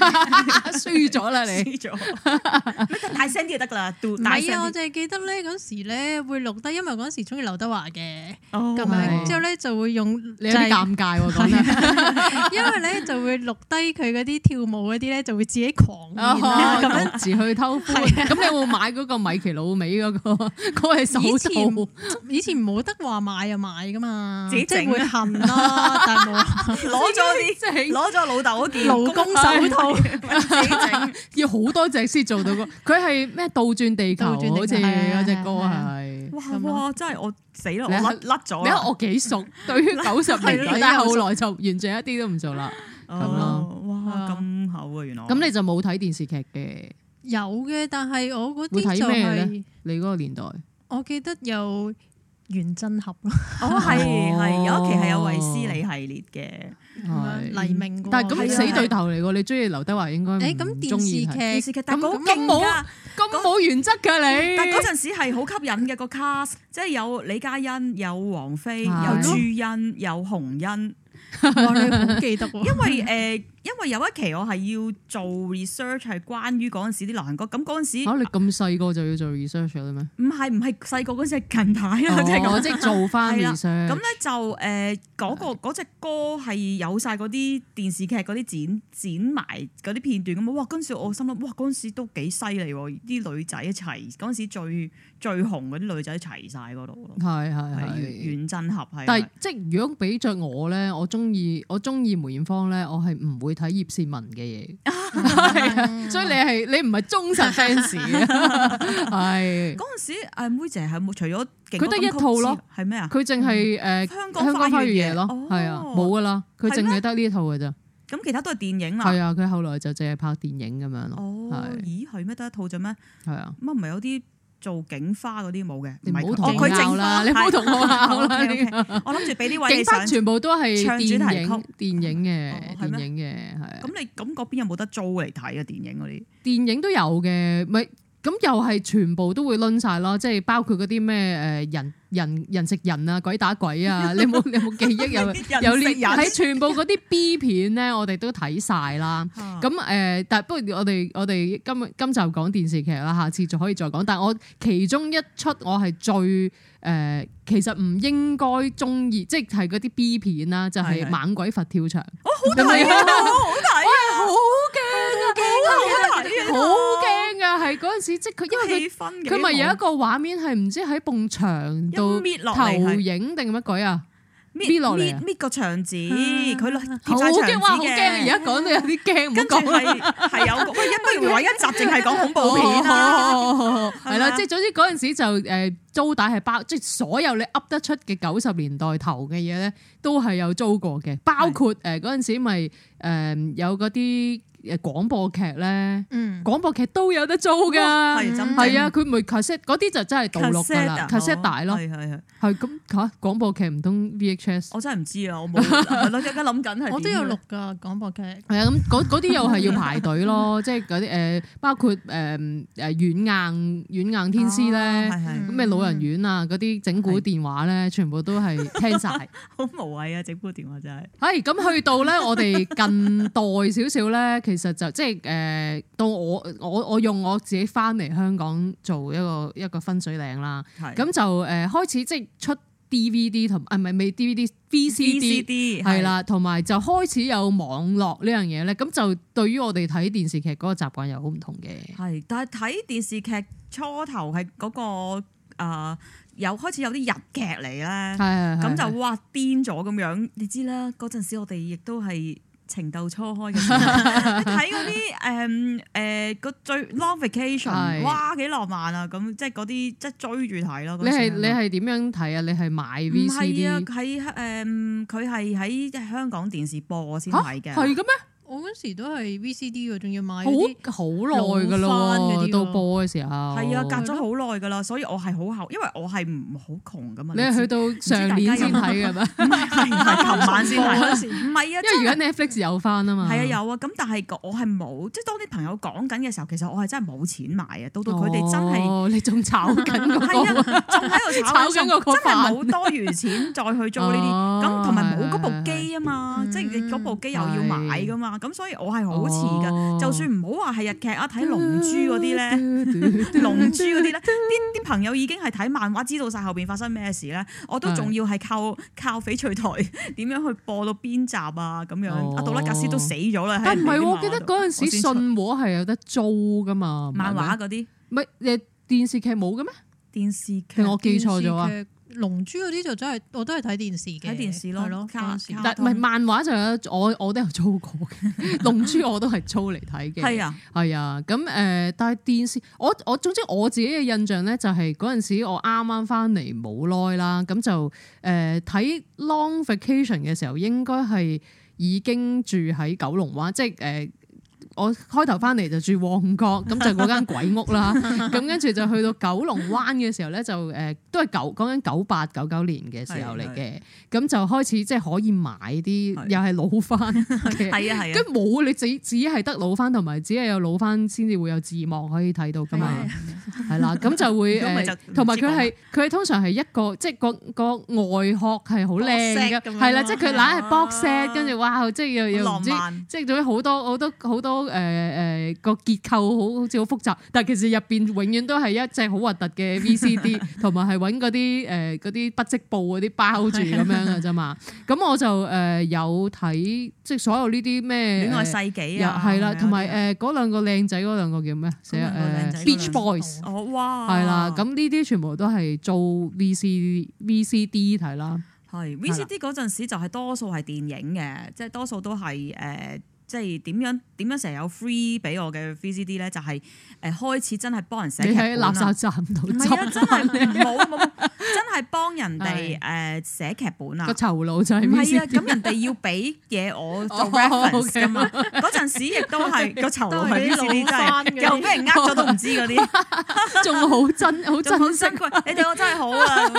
輸咗啦，你大聲啲就得噶啦，都唔係，我就係記得咧嗰時咧會錄低，因為嗰時中意劉德華嘅，咁之後咧就會用，你有啲尷尬講，因為咧就會錄低佢嗰啲跳舞嗰啲咧就會自己狂咁樣去偷歡，咁你有冇買嗰個米奇老味嗰個？嗰個係手套，以前冇得話買啊買噶嘛，自己整，即係會痕啦，但係冇。攞咗啲即係攞咗老豆嗰件勞工手套， <laughs> <laughs> 要好多隻先做到個。佢係咩倒轉地球好似嗰隻歌係，哇哇真係我死咯， <laughs> 我甩咗。你話我幾熟？對於九十年代 <laughs> 但後來就完全一啲都唔做啦，咁咯、 <laughs> 哦。哇，咁厚啊，原來。咁你就冇睇電視劇嘅？有嘅，但係我嗰啲就係、是、你嗰個年代。我記得有。元原真合咯、 <laughs> 哦，哦係係，有一期係有衛斯理系列嘅黎明，但係咁死對頭嚟喎，的你中意劉德華應該，誒咁、欸、電視劇電視劇，但係咁冇咁冇原則㗎你，但係嗰陣時係好吸引嘅、那個 cast，那即係有李嘉欣、有王菲的、有朱茵、有洪欣，我好記得， <laughs> 因為誒。呃 <laughs> 因為有一期我係要做 research 係關於嗰陣時啲流行歌，咁嗰陣時吓，你咁細個就要做 research 啦咩？唔係唔係，細個嗰陣時係近排啊，即係我即係做翻 research，咁咧就誒嗰個嗰隻歌係有晒嗰啲電視劇嗰啲剪剪埋嗰啲片段咁啊！哇，嗰陣時我心諗哇，嗰陣時都幾犀利喎！啲女仔一齊嗰陣時最最紅嗰啲女仔一齊晒嗰度，係係係遠真合係。但係即係如果畀着我咧，我中意我中意梅艷芳咧，我係唔會。.睇葉倩文嘅嘢，所以你係你唔係忠實 fans，係嗰陣時阿妹姐係冇除咗，佢得一套咯，係咩啊？佢淨係誒，香港花月夜香港嘢咯，係啊，冇噶啦，佢淨係得呢一套噶咋，咁其他都係電影啦，係啊，佢後來就淨係拍電影咁樣咯，係，咦，係咩得一套啫咩？係啊，乜唔係有啲？做警花嗰啲冇嘅，唔好同我拗啦，哦、你唔好同我拗啦。我諗住俾呢位， <laughs> 警花全部都係唱主題曲、電影嘅，電影嘅係。咁你咁嗰邊有冇得租嚟睇嘅電影嗰啲？電影都有嘅，咪。咁又係全部都會攆曬咯，即係包括嗰啲咩誒人人人食人啊、鬼打鬼啊，你冇你冇記憶有有呢？係全部嗰啲 B 片咧，我哋都睇曬啦。咁誒，但不過我哋我哋今今集講電視劇啦，下次就可以再講。但係我其中一出我係最誒，其實唔應該鍾意，即係係嗰啲 B 片啦，就係猛鬼佛跳牆。我好睇啊！我好睇啊！好驚啊！好～嗰陣時即係佢，因為佢，佢咪有一個畫面係唔知喺埲牆度搣落投影定乜鬼啊？搣落嚟，搣撕個牆紙，佢落、嗯、貼曬好驚，好驚、哦！而家講到有啲驚。跟住係係有，一於話一集淨係講恐怖片啦。係啦 <laughs> 好，即係吧總之嗰陣時就誒租帶係包，即係所有你噏得出嘅九十年代頭嘅嘢咧，都係有租過嘅，包括誒嗰陣時咪誒有嗰啲。誒廣播劇咧，廣播劇都有得租㗎，係啊，佢唔係 cassette，嗰啲就真係盜錄㗎啦，cassette 大咯，係係係，係咁吓廣播劇唔通 VHS？我真係唔知啊，我冇諗緊諗緊係點。我都有錄㗎廣播劇。係啊，咁嗰嗰啲又係要排隊咯，即係嗰啲誒，包括誒誒軟硬軟硬天師咧，咁咩老人院啊，嗰啲整蠱電話咧，全部都係聽曬，好無謂啊！整蠱電話真係。係咁去到咧，我哋近代少少咧。其實就即係誒，到我我我用我自己翻嚟香港做一個一個分水嶺啦。咁係就誒開始即係出 DVD，啊、DVD 同，啊唔係未 DVD VCD 係啦，同埋係、係就開始有網絡呢樣嘢咧。咁就對於我哋睇電視劇嗰個習慣又好唔同嘅。係，但係睇電視劇初頭係嗰、嗰個誒、呃，有開始有啲日劇嚟咧。係係，咁就哇癲咗咁樣。你知啦，嗰陣時我哋亦都係。情竇初開嘅，你睇嗰啲誒誒個最 long vacation，是哇幾浪漫啊！咁即係嗰啲即係追住睇咯。你係你係點樣睇啊？你係買 VCD？唔係啊，喺誒佢係喺香港電視播先睇嘅，係嘅咩？我嗰時都係 VCD 啊，仲要買好好耐嘅咯喎，到播嘅時候係啊，隔咗好耐嘅啦，所以我係好後，因為我係唔好窮嘅嘛。你去到上年先睇嘅咩？係係頭晚先買嗰時，唔係啊，因為而家 Netflix 有翻啊嘛。係啊，有啊，咁但係我係冇，即係當啲朋友講緊嘅時候，其實我係真係冇錢買啊。到到佢哋真係你仲炒緊個，仲喺度炒緊個，真係冇多餘錢再去租呢啲咁，同埋冇嗰部機啊嘛，即係嗰部機又要買嘅嘛。咁所以我係好遲㗎，就算唔好話係日劇啊，睇龍珠嗰啲咧，龍珠嗰啲咧，啲啲朋友已經係睇漫畫知道晒後邊發生咩事咧，我都仲要係靠靠翡翠台點樣去播到邊集啊咁樣，阿杜拉格斯都死咗啦，但係唔係喎？我記得嗰陣時信和係有得租㗎嘛，漫畫嗰啲，唔係誒電視劇冇嘅咩？電視劇我記錯咗啊。龍珠嗰啲就真係我都係睇電視嘅，睇電視咯，咯視但係唔係漫畫就有，我我都有租過嘅。 <laughs> 龍珠我都係租嚟睇嘅。係啊，係啊。咁誒，但係電視，我我總之我自己嘅印象咧、就係，啱啱就係嗰陣時我啱啱翻嚟冇耐啦，咁就誒睇 long vacation 嘅時候，應該係已經住喺九龍灣，即係誒。呃我開頭翻嚟就住旺角，咁就嗰間鬼屋啦。咁跟住就去到九龍灣嘅時候咧，就誒都係九講緊九八九九年嘅時候嚟嘅。咁就開始即係可以買啲，又係老翻。係啊，冇，你只只係得老翻。同埋只係有老翻先至會有字幕可以睇到噶嘛。係啦，咁就會同埋佢係佢通常係一個即係個個外殼係好靚嘅，係啦，即係佢硬係 box set 跟住，哇，即係又又唔知即係好多好多好多。誒誒，個結構好好似好複雜，但係其實入邊永遠都係一隻好核突嘅 VCD，同埋係搵嗰啲誒嗰啲不織布嗰啲包住咁樣嘅啫嘛。咁我就誒有睇，即係所有呢啲咩戀愛世紀啊，係啦，同埋誒嗰兩個靚仔，嗰兩個叫咩？誒 Beach Boys 哦，喔，哇，係啦。咁呢啲全部都係做 VCD，VCD 睇啦。係 VCD 嗰陣時就係多數係電影嘅，即係多數都係誒。即係點樣點樣成日有 free 俾我嘅 VCD 咧？就係、是、誒開始真係幫人寫劇本啦。你喺垃圾站度執？唔係啊！真係冇冇。 <laughs> 真係幫人哋誒寫劇本啊，個酬勞就係 VCD？唔係啊，咁人哋要俾嘢我做 reference 噶嘛？嗰陣時亦都係個酬勞係啲老闆，又俾人呃咗都唔知嗰啲，仲好真好真實。你對我真係好啊！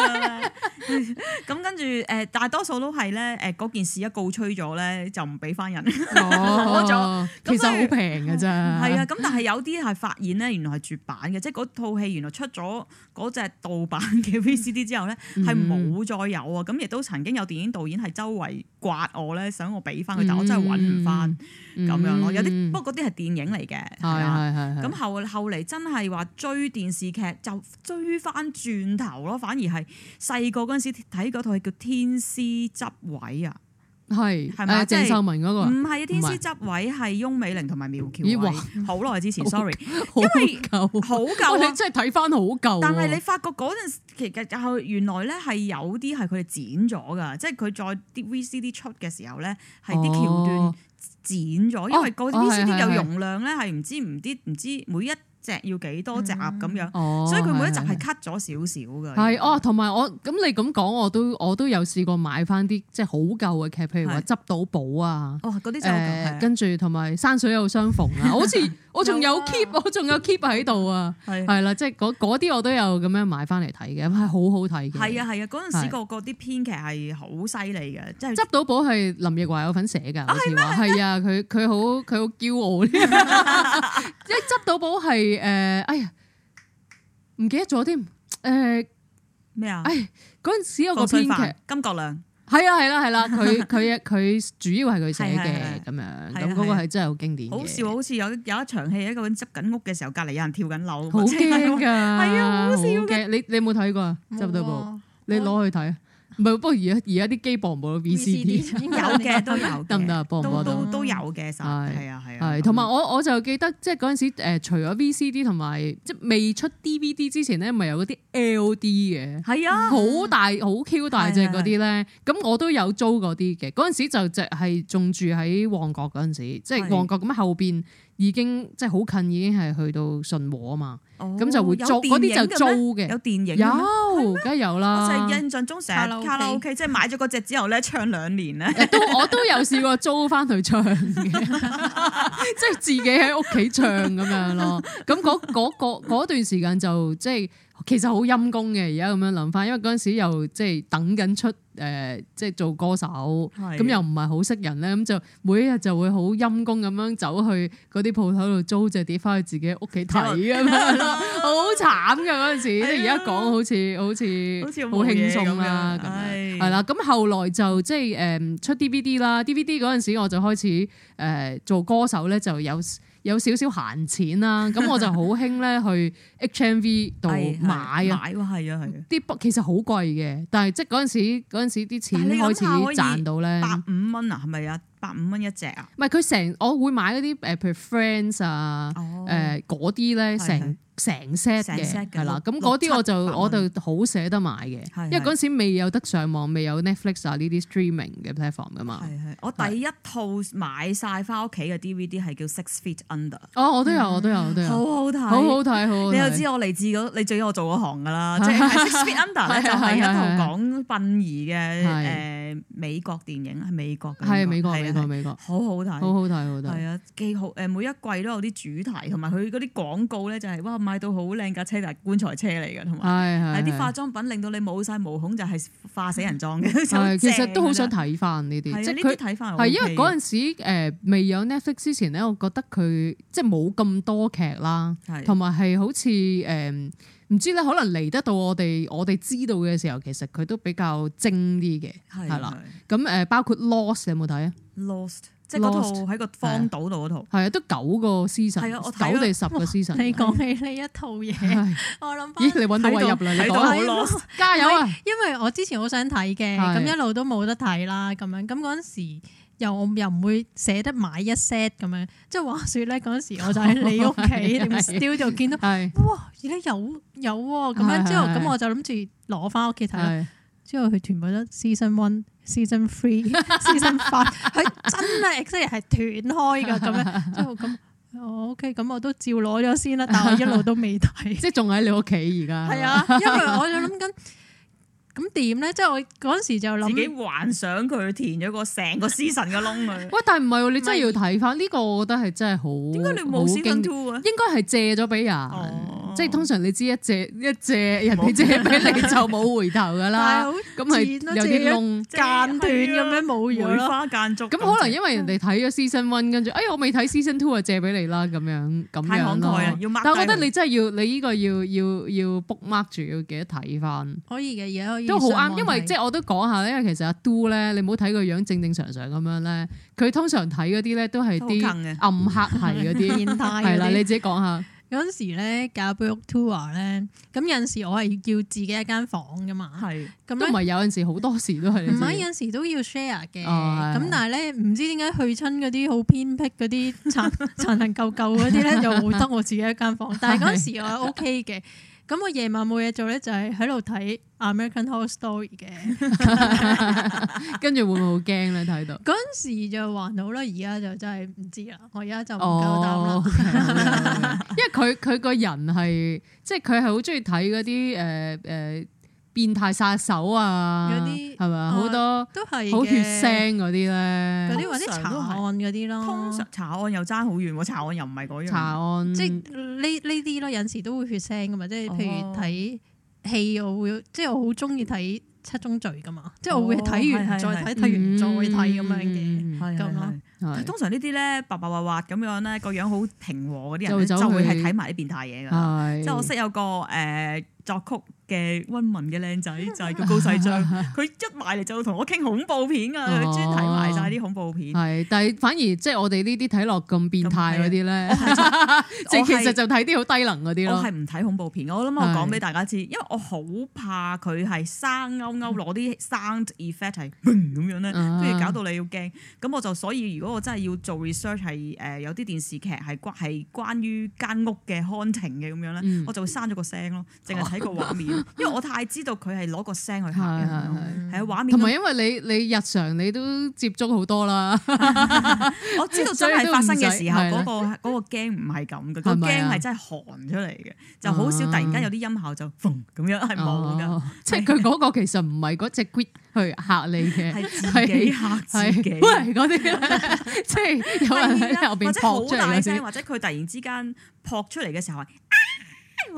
咁跟住誒，大多數都係咧誒，嗰件事一告吹咗咧，就唔俾翻人攞咗。其實好平㗎啫。係啊，咁但係有啲係發現咧，原來係絕版嘅，即係嗰套戲原來出咗嗰隻盜版嘅 VCD 啲之後咧，係冇再有啊！咁亦都曾經有電影導演係周圍刮我咧，想我俾翻佢，但我真係揾唔翻咁樣咯。有啲不過嗰啲係電影嚟嘅，係咪？係係。咁後後嚟真係話追電視劇就追翻轉頭咯，反而係細個嗰陣時睇嗰套係叫《天師執位》啊。係，係咪啊？即係秀文嗰個唔係啊，天師執位係翁美玲同埋苗僑偉，好耐之前，sorry，因為好舊，你真係睇翻好舊。但係你發覺陣時其實後原來咧係有啲係佢哋剪咗㗎，即係佢再啲 VCD 出嘅時候咧係啲橋段剪咗，哦、因為個 VCD 有容量咧係唔知唔知唔知每一。隻要幾多集咁、嗯、樣，哦、所以佢每一集係 cut 咗少少嘅。係對對哦，同埋我咁你咁講，我都我都有試過買翻啲即係好舊嘅劇，譬對如話執到寶啊，哦嗰啲就誒，呃、的跟住同埋山水有相逢啊，好似。 <laughs> 我仲有 keep，我仲有 keep 喺度啊！係係啦，啊啊、即係嗰啲我都有咁樣買翻嚟睇嘅，係好好睇嘅。係啊係啊，嗰陣、啊、時個嗰啲編劇係好犀利嘅，即係執到寶係林奕華有份寫噶，好似話係啊，佢佢、啊、好佢好驕傲，即係執 <laughs> <laughs> 到寶係誒，哎呀，唔記得咗添誒咩啊？呃、麼哎嗰陣時有個編劇金國良。係啊，係啦係啦，佢佢佢主要係佢寫嘅咁樣，咁嗰個係真係好經典嘅。好笑，好似有有一場戲，一個人執緊屋嘅時候，隔離有人跳緊樓，好驚㗎。係啊，好笑嘅。你你有冇睇過《執到寶》啊？你攞去睇。哦唔係，不過而家而家啲機播唔播到 VCD？有嘅都有。得唔得啊？播唔播到？都有嘅， <laughs> 實係啊，同埋我我就記得，即係嗰陣時誒除咗 VCD 同埋即係未出 DVD 之前咧，咪有嗰啲 LD 嘅的。係啊。好大好 Q 大隻嗰啲咧，咁的我都有租嗰啲嘅。嗰陣時就就係仲住喺旺角嗰陣時，即係旺角咁後邊已經即係好近，已經係去到信和啊嘛。哦，咁就會租嗰啲就租嘅，有電影，有，電影有，梗係嗎有啦。印象中成日卡拉 O K，即係買咗嗰隻之後咧，唱兩年咧。 <laughs> 我都有試過租返去唱嘅， <laughs> <laughs> 即係自己喺屋企唱咁樣咯。咁嗰嗰段時間就即係。其實好陰功嘅，而家咁樣諗翻，因為嗰陣時又即係等緊出誒、呃，即係做歌手，咁的又唔係好識人咧，咁就每一日就會好陰功咁樣走去嗰啲鋪頭度租隻碟翻去自己屋企睇，咁樣好慘㗎嗰陣時。即係而家講好似好似好輕鬆啦，咁係啦。咁 <laughs> 後來就即係誒出 D D, DVD 啦，DVD 嗰陣時我就開始誒做歌手咧，就有。有少少閒錢啦，咁 <laughs> 我就好興咧去 HMV 度買啊！啲包的的其實好貴嘅，但係即係嗰陣時嗰陣時啲錢開始賺到咧，百五蚊啊，係咪啊？百五蚊一隻啊！唔係佢成，我會買嗰啲誒，譬如 Friends 啊，誒嗰啲咧，成成 set 嘅，係啦。咁嗰啲我就我就好捨得買嘅，因為嗰陣時未有得上網，未有 Netflix 啊呢啲 streaming 嘅 platform 噶嘛。我第一套買晒翻屋企嘅 DVD 係叫 Six Feet Under。哦，我都有，我都有，我都有。好好睇，好好睇，好。你又知我嚟自你最我做嗰行噶啦，即係 Six Feet Under 咧，就係一套講殯儀嘅誒美國電影，係美國嘅，係美國嘅。美國好好睇，好好睇，好睇，係啊對，幾好誒！對每一季都有啲主題，同埋佢嗰啲廣告咧、就係，就係哇，買到好靚架車，係棺材車嚟嘅，同埋係啲化妝品令到你冇晒毛孔，就係化死人妝嘅對 <laughs> 棒，其實都對對好想睇翻呢啲，即係呢啲睇翻。係因為嗰陣時未有 Netflix 之前咧，我覺得佢即係冇咁多劇啦，同埋係好似誒。嗯唔知咧，可能嚟得到我哋，我哋知道嘅時候，其實佢都比較精啲嘅，係啦。咁誒，包括 Lost 有冇睇啊？Lost 即係嗰套喺個荒島度嗰套，係啊，都九個 season，係啊，九定十個 season。你講起呢一套嘢，我諗翻咦，你揾到位入嚟，你睇到，加油啊！因為我之前好想睇嘅，咁一路都冇得睇啦，咁樣咁嗰陣時。又又唔會捨得買一 set 咁樣，即係話説咧，嗰陣時我，我就喺你屋企，定 studio 度點知丟到見到，哇！而家有有喎！咁樣之後，咁我就諗住攞翻屋企睇。之後佢全部都 season one、season three、 <laughs> season five，佢真係 exactly 係斷開嘅咁樣。之後咁，哦、OK，我 OK，咁我都照攞咗先啦，但係一路都未睇。 <laughs> 即係仲喺你屋企而家。係啊的，因為我就諗緊。咁點咧？即係我嗰陣時就諗自己幻想佢填咗個成個 season 嘅窿啊！喂，但係唔係喎？你真係要睇翻呢個，我覺得係真係好點解你冇 season two 啊？應該係借咗俾人，即係通常你知一借一借人哋借俾你就冇回頭噶啦。咁係有啲窿間斷咁樣冇咗。梅花間竹咁，可能因為人哋睇咗 season one，跟住哎我未睇 season two 啊，借俾你啦咁樣咁樣，但係我覺得你真係要你呢個要要要 book mark 住，要記得睇翻可以嘅嘢。都好啱，因為即係我都講下因為其實阿 Do 咧，你唔好睇個樣正正常常咁樣咧，佢通常睇嗰啲咧都係啲暗黑系嗰啲，係啦， <laughs> 你自己講下。時杯屋 our，有陣時咧假 group tour 咧，咁有陣時我係要自己一間房噶嘛，係咁都唔係有陣時好多時都係唔係有陣時都要 share 嘅，咁、哦、但係咧唔知點解去親嗰啲好偏僻嗰啲殘殘殘舊舊嗰啲咧，又會得我自己一間房，但係嗰陣時我 OK 嘅。的 <laughs> 咁我夜晚冇嘢做咧， <laughs> <laughs> 就係喺度睇《American Horror Story》嘅，跟住會唔會好驚咧？睇到嗰陣時就還好啦，而家就真係唔知啦。我而家就唔夠膽啦，因為佢佢個人係即係佢係好中意睇嗰啲誒誒，就是變態殺手啊，嗰啲係嘛，好多都係好血腥嗰啲咧，嗰啲或者查案嗰啲咯，通常查案又爭好遠喎，查案又唔係嗰樣，查案即係呢呢啲咯，有時都會血腥噶嘛，即係譬如睇戲，我會即係我好中意睇七宗罪噶嘛，即係我會睇完再睇，睇完再睇咁樣嘅，咁咯。通常呢啲咧，白白滑滑咁樣咧，個樣好平和嗰啲人就會係睇埋啲變態嘢噶，即係我識有個誒作曲。嘅溫文嘅靚仔就係個高世將，佢一埋嚟就同我傾恐怖片啊！專題埋晒啲恐怖片。係，但係反而即係我哋呢啲睇落咁變態嗰啲咧，即係其實就睇啲好低能嗰啲咯。我係唔睇恐怖片，我諗我講俾大家知，因為我好怕佢係生勾勾攞啲生，effect 係噉樣咧，跟住搞到你要驚。咁我就所以如果我真係要做 research 係誒有啲電視劇係關係關於間屋嘅 n t n 庭嘅咁樣咧，我就會刪咗個聲咯，淨係睇個畫面。因為我太知道佢係攞個聲去吓嘅，係啊畫面。同埋因為你你日常你都接觸好多啦，我知道真係發生嘅時候嗰個嗰個驚唔係咁嘅，個驚係真係寒出嚟嘅，就好少突然間有啲音效就咁樣係冇噶，即係佢嗰個其實唔係嗰隻 grid 去吓你嘅，係自己吓自己，喂嗰啲，即係有人喺後邊撲出嚟，或者好大聲，或者佢突然之間撲出嚟嘅時候。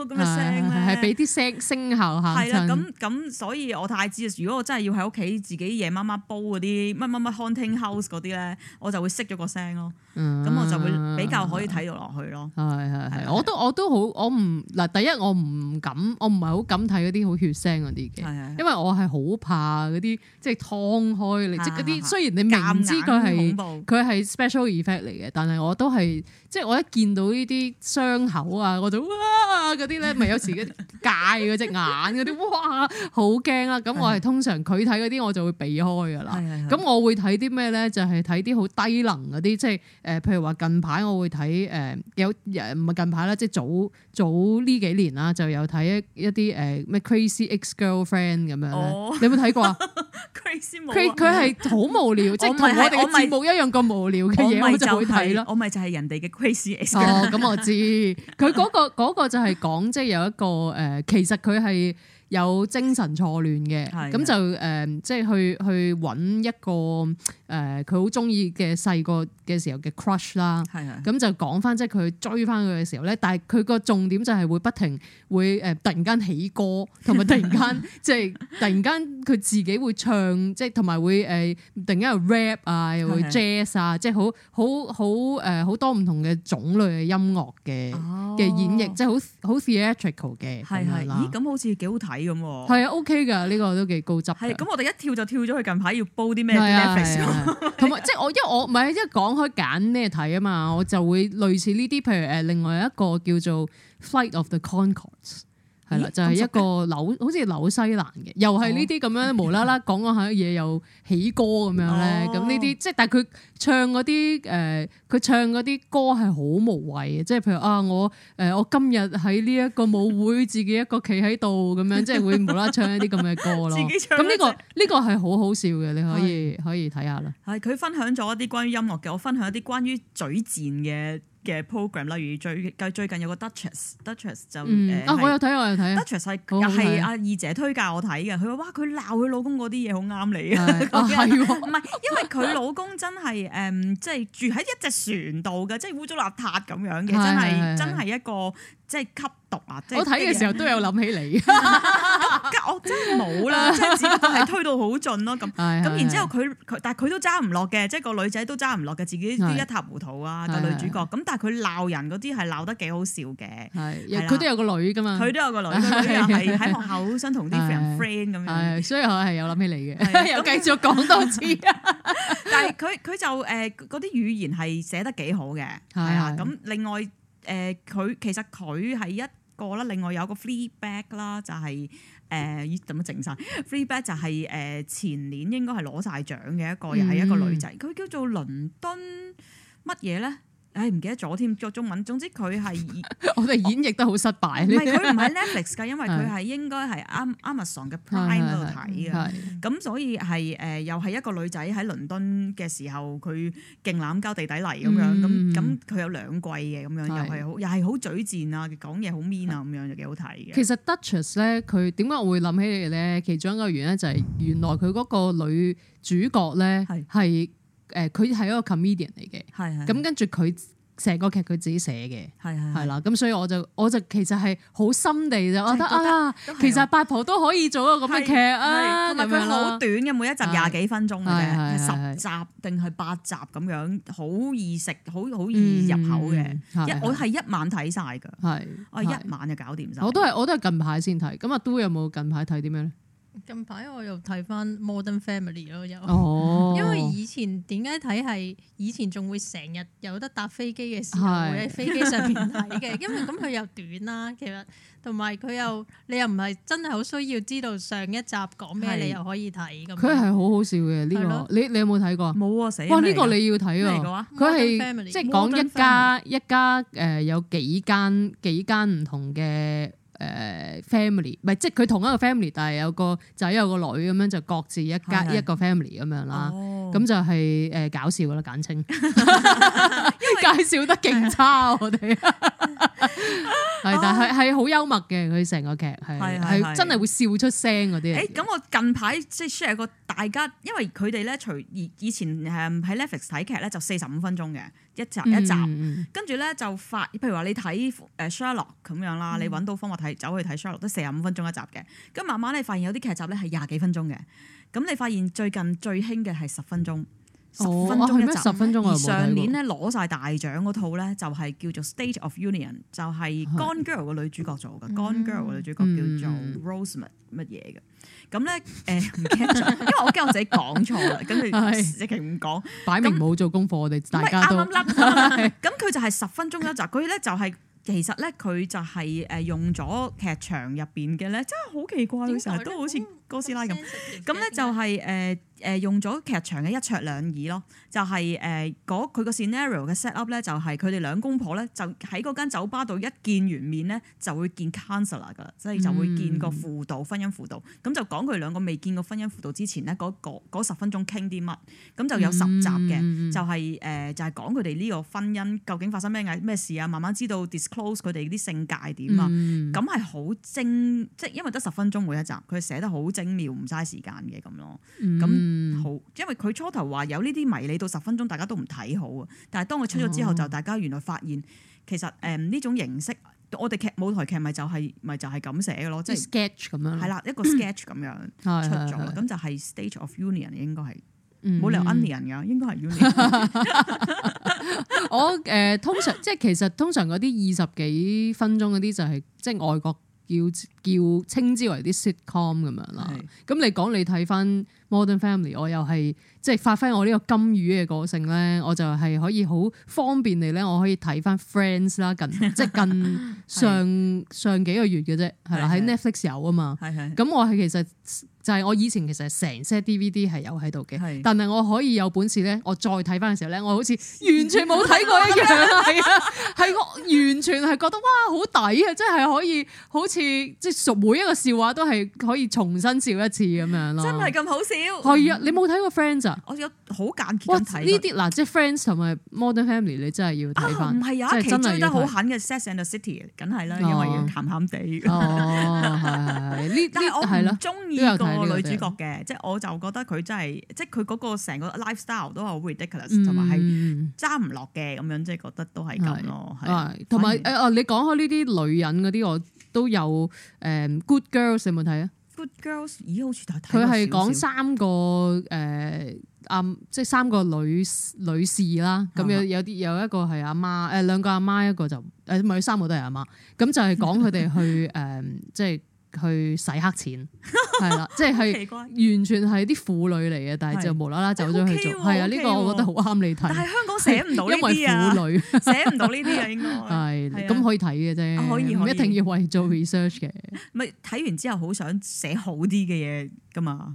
係係俾啲聲聲效嚇，係啦。咁咁，所以我太知啦。如果我真係要喺屋企自己夜媽媽煲嗰啲乜乜乜 hunting house 嗰啲咧，我就會熄咗個聲咯。嗯、啊，咁我就會比較可以睇到落去咯。係係係，我都我都好，我唔嗱第一我唔敢，我唔係好敢睇嗰啲好血腥嗰啲嘅，吧因為我係好怕嗰啲即係劏開嚟，即係嗰啲雖然你明知佢係恐怖佢係 special effect 嚟嘅，但係我都係。即係我一見到呢啲傷口啊，我就哇嗰啲咧，咪 <laughs> 有時嗰啲戒嗰隻眼嗰啲，哇好驚啊。咁我係通常佢睇嗰啲，我就會避開噶啦。咁的我會睇啲咩咧？就係睇啲好低能嗰啲，即係誒、呃，譬如話近排我會睇誒有唔係近排啦，即係早早呢幾年啦，就有睇一啲誒咩、呃、Crazy Ex-Girlfriend 咁樣咧。哦、你有冇睇過啊？ <laughs> 佢佢係好無聊，即係同我哋嘅節目一樣咁無聊嘅嘢，我，是就是、我就會睇咯。我咪就係人哋嘅《c r a s e is》。哦，咁我知。佢嗰、 <laughs> 嗰個、嗰個就係講，即係有一個誒、呃，其實佢係有精神錯亂嘅，咁的就誒、呃，即係去去揾一個。誒佢好中意嘅細個嘅時候嘅 crush 啦，咁就講翻即係佢追翻佢嘅時候咧，但係佢個重點就係會不停會誒突,突然間起歌，同埋突然間即係突然間佢自己會唱，即係同埋會誒突然間 rap 啊是是，又會 jazz 啊，即係好好好誒好多唔同嘅種類嘅音樂嘅嘅演繹，哦、即係好好 theatrical 嘅是咦，咁好似幾好睇咁喎。係啊，OK 噶，呢、呢個都幾高質。咁我哋一跳就跳咗佢近排要煲啲咩同埋 <laughs> 即係我，我，因為我唔係一講開揀咩睇啊嘛，我就會類似呢啲，譬如誒，另外一個叫做《Flight of the Conchords》。係啦，就係一個紐，好似紐西蘭嘅，又係呢啲咁樣無啦啦講下嘢，又起歌咁樣咧，咁呢啲即係但係佢唱嗰啲誒，佢唱嗰啲歌係好無謂嘅，即係譬如啊，我誒我今日喺呢一個舞會自己一個企喺度咁樣， <laughs> 即係會無啦啦唱， <laughs> 唱一啲咁嘅歌咯。咁呢、 <laughs> 呢個呢、呢個係好好笑嘅，你可以是可以睇下啦。係佢分享咗一啲關於音樂嘅，我分享一啲關於嘴賤嘅。嘅 program，ma, 例如最最最近有個 Duchess，Duchess 就誒，我有睇我有睇，Duchess 係又係阿二姐推介我睇嘅，佢話哇佢鬧佢老公嗰啲嘢好啱你是 <laughs> 啊，唔係 <laughs> 因為佢老公真係誒，即係住喺一隻船度嘅，即係污糟邋遢咁樣嘅，真係真係是是一個。即係吸毒啊！我睇嘅時候都有諗起你，我真係冇啦，只不過係推到好盡咯。咁咁然之後佢佢，但係佢都揸唔落嘅，即係個女仔都揸唔落嘅，自己一塌糊塗啊！個女主角咁，但係佢鬧人嗰啲係鬧得幾好笑嘅。佢都有個女㗎嘛？佢都有個女，佢喺學校好想同啲人 friend 咁樣。係，所以我係有諗起你嘅，有繼續講多次。但係佢佢就誒嗰啲語言係寫得幾好嘅，係啦。咁另外。誒佢、呃、其實佢係一個啦，另外有一個 freeback 啦、就係，呃、 <laughs> free 就係誒點樣整晒。freeback 就係誒前年應該係攞晒獎嘅一個，嗯、又係一個女仔，佢叫做倫敦乜嘢咧？誒唔記得咗添，作中文。總之佢係 <laughs> 我哋演繹得好失敗。唔係佢 <laughs> 唔係 Netflix 㗎，因為佢係應該係阿 Amazon 嘅 Prime 度睇嘅。咁所以係誒、呃，又係一個女仔喺倫敦嘅時候，佢勁濫交地底泥咁樣。咁咁佢有兩季嘅，咁樣又係好是是 又係好嘴賤啊，講嘢 me 是是 好 mean 啊，咁樣就幾好睇嘅。其實 Duchess 咧，佢點解我會諗起你咧？其中一個原因就係原來佢嗰個女主角咧係。誒佢係一個 comedian 嚟嘅，咁跟住佢成個劇佢自己寫嘅，係係啦，咁所以我就我就其實係好心地就我覺得啊，其實八婆都可以做一個咁嘅劇啊，同埋佢好短嘅，每一集廿幾分鐘嘅，十集定係八集咁樣，好易食，好好易入口嘅，我係一晚睇晒㗎，係我一晚就搞掂晒。我都係我都係近排先睇，咁啊，都有冇近排睇啲咩咧？近排我又睇翻 Modern Family 咯，又，哦、因為以前點解睇係以前仲會成日有得搭飛機嘅時候是的 會喺飛機上面睇嘅。 <laughs> 因為咁佢又短啦，其實同埋佢又你又唔係真係好需要知道上一集講咩，你又可以睇。佢係好好笑嘅呢個，是的 你你有冇睇過啊？冇啊，死！哇，呢個你要睇喎，佢係是 Modern Family 即係講一家 Modern Family? 一家誒有幾間幾間唔同嘅。誒 family 唔係，即係佢同一個 family，但係有個仔有個女咁樣就各自一家一個 family 咁是樣啦。咁、哦、就係、是、誒、呃、搞笑㗎啦，簡稱 <laughs> 因為 <laughs> 介紹得勁差我哋。係 <laughs> <laughs> <laughs> 但係係好幽默嘅，佢成個劇係係是真係會笑出聲嗰啲、欸。誒咁我近排即係 share 個大家，因為佢哋咧，除以以前喺 Netflix 睇劇咧，就四十五分鐘嘅。一集一集，跟住咧就發，譬如話你睇誒 Sherlock 咁樣啦，你揾到方法睇，走去睇 Sherlock 都四十五分鐘一集嘅，咁慢慢你發現有啲劇集咧係廿幾分鐘嘅，咁你發現最近最興嘅係十分鐘，十、哦、分鐘一集。而上年咧攞晒大獎嗰套咧，就係、是、叫做《State of Union》，就係 Gone Girl 個女主角做嘅，的《Gone Girl》個女主角叫做 Rose 乜嘢嘅。咁咧，誒唔、嗯呃、記得，因為我驚我自己講錯啦，咁佢即係唔講，是擺明冇做功課，那我哋大家都啱啱甩。咁佢 <laughs> 就係十分鐘一集，佢咧就係、是、其實咧，佢就係誒用咗劇場入邊嘅咧，真係好奇怪，佢成日都好似，嗯哥斯拉咁，咁咧麼就係誒誒用咗劇場嘅一桌兩椅咯，就係誒嗰佢個 scenario 嘅 set up 咧，呃、就係佢哋兩公婆咧就喺嗰間酒吧度一見完面咧就會見 counselor 噶，啦，所以就會見個輔導婚姻輔導，咁就講佢哋兩個未見過婚姻輔導之前咧、嗰個嗰個十分鐘傾啲乜，咁就有十集嘅，就係誒就係講佢哋呢個婚姻究竟發生咩嘢咩事啊，慢慢知道 disclose 佢哋啲性格係點啊，咁係好精，即係因為得十分鐘每一集，佢寫得好。精妙唔嘥時間嘅咁咯，咁好，嗯、因為佢初頭話有呢啲迷你到十分鐘，大家都唔睇好啊。但係當佢出咗之後，哦、就大家原來發現其實誒呢、呃、種形式，我哋劇舞台劇咪就係、是、咪就係、是、咁、就是、寫嘅咯，即係 sketch 咁樣，係啦，一個 sketch 咁樣出咗，咁、嗯嗯、就係 stage of union 應該係冇理由 union 噶，應該係 union。嗯、 <laughs> <laughs> 我誒、呃、通常即係其實通常嗰啲二十幾分鐘嗰啲就係、是、即係外國，民國民。 <laughs> 叫叫稱之為啲 sitcom 咁的樣啦，咁你講你睇翻。Modern Family，我又係即係發揮我呢個金魚嘅個性咧，我就係可以好方便嚟咧，我可以睇翻 Friends 啦，近即係近上 <laughs> 上幾個月嘅啫，係啦，喺 Netflix 有啊嘛。係係的。咁我係其實就係、是、我以前其實成 set DVD 係有喺度嘅，係的。但係我可以有本事咧，我再睇翻嘅時候咧，我好似完全冇睇過一樣，係啊，係我 <laughs> 完全係覺得哇好抵啊！即係可以好似即係熟每一個笑話都係可以重新笑一次咁樣咯，真係咁好笑。係啊，你冇睇過 Friends 啊？我有好簡潔睇。呢啲嗱，即係 Friends 同埋 Modern Family，你真係要睇返。唔係有一期追得好狠嘅 Sex and the City？梗係啦，因為要鹹鹹地。哦，但係我唔中意個女主角嘅，即係我就覺得佢真係，即係佢嗰個成個 lifestyle 都係好 ridiculous，同埋係揸唔落嘅，咁樣即係覺得都係咁咯。係同埋誒，哦，你講開呢啲女人嗰啲，我都有誒 Good Girls，有冇睇啊？Girls，而家好似就睇佢係講三個誒阿、呃、即係三個女女士啦，咁有有啲有一個係阿媽誒，兩、呃、個阿媽一個就誒唔係三個都係阿媽，咁就係講佢哋去誒、呃、即係。去洗黑錢，係啦，即、就、係、係、完全係啲婦女嚟嘅，但係就無啦啦走咗去做，係啊，呢、啊、個我覺得好啱你睇。但係香港寫唔到、啊、因為婦女寫唔到呢啲嘅應該。係咁、啊啊、可以睇嘅啫，可以，可以，唔一定要為做 research 嘅。咪睇完之後好想寫好啲嘅嘢㗎嘛。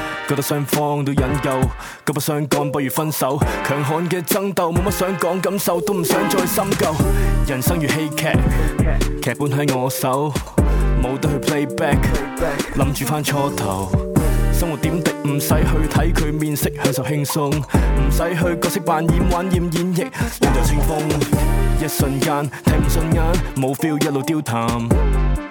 覺得雙方都引咎，急不相干不如分手。強悍嘅爭鬥冇乜想講感受，都唔想再深究。人生如戲劇，劇本喺我手，冇得去 play back，諗住翻初頭。生活點滴唔使去睇佢面色，享受輕鬆，唔使去角色扮演玩厭演繹，領走清風。一瞬間睇唔順眼，冇 feel 一路調談。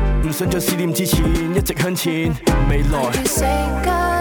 唔想在思念之前，一直向前，未來。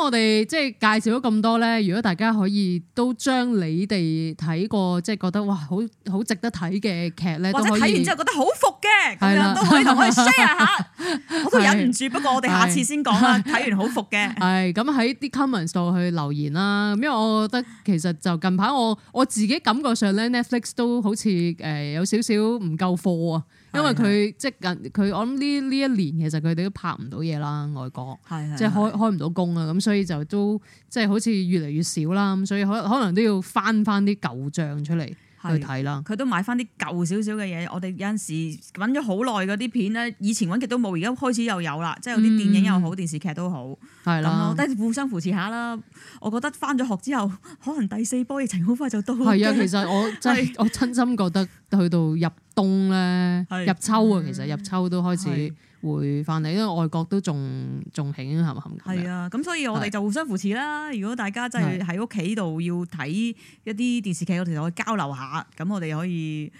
我哋即係介紹咗咁多咧，如果大家可以都將你哋睇過即係覺得哇好好值得睇嘅劇咧，都可以，或者睇完之後覺得好服嘅，係啦都可以同我哋 share 下，是的 我都忍唔住。是的 不過我哋下次先講啦。睇完好服嘅，係咁喺啲 comments 度去留言啦。咁因為我覺得其實就近排我我自己感覺上咧，Netflix 都好似誒有少少唔夠貨啊。因為佢即係近佢，我諗呢呢一年其實佢哋都拍唔到嘢啦，外國是的 即係開開唔到工啊，咁所以就都即係好似越嚟越少啦。咁所以可可能都要翻翻啲舊帳出嚟去睇啦。佢都買翻啲舊少少嘅嘢，我哋有陣時揾咗好耐嗰啲片咧，以前揾極都冇，而家開始又有啦。即係有啲電影又好，嗯、電視劇都好，係是的 互相扶持下啦。我覺得翻咗學之後，可能第四波疫情好快就到。係啊，其實我真 <laughs> 是的 我真心覺得去到入。冬咧入秋啊，其實入秋都開始會翻嚟，的因為外國都仲仲興係嘛？係啊，咁所以我哋就互相扶持啦。的如果大家真係喺屋企度要睇一啲電視劇，我哋就可以交流下，咁我哋可以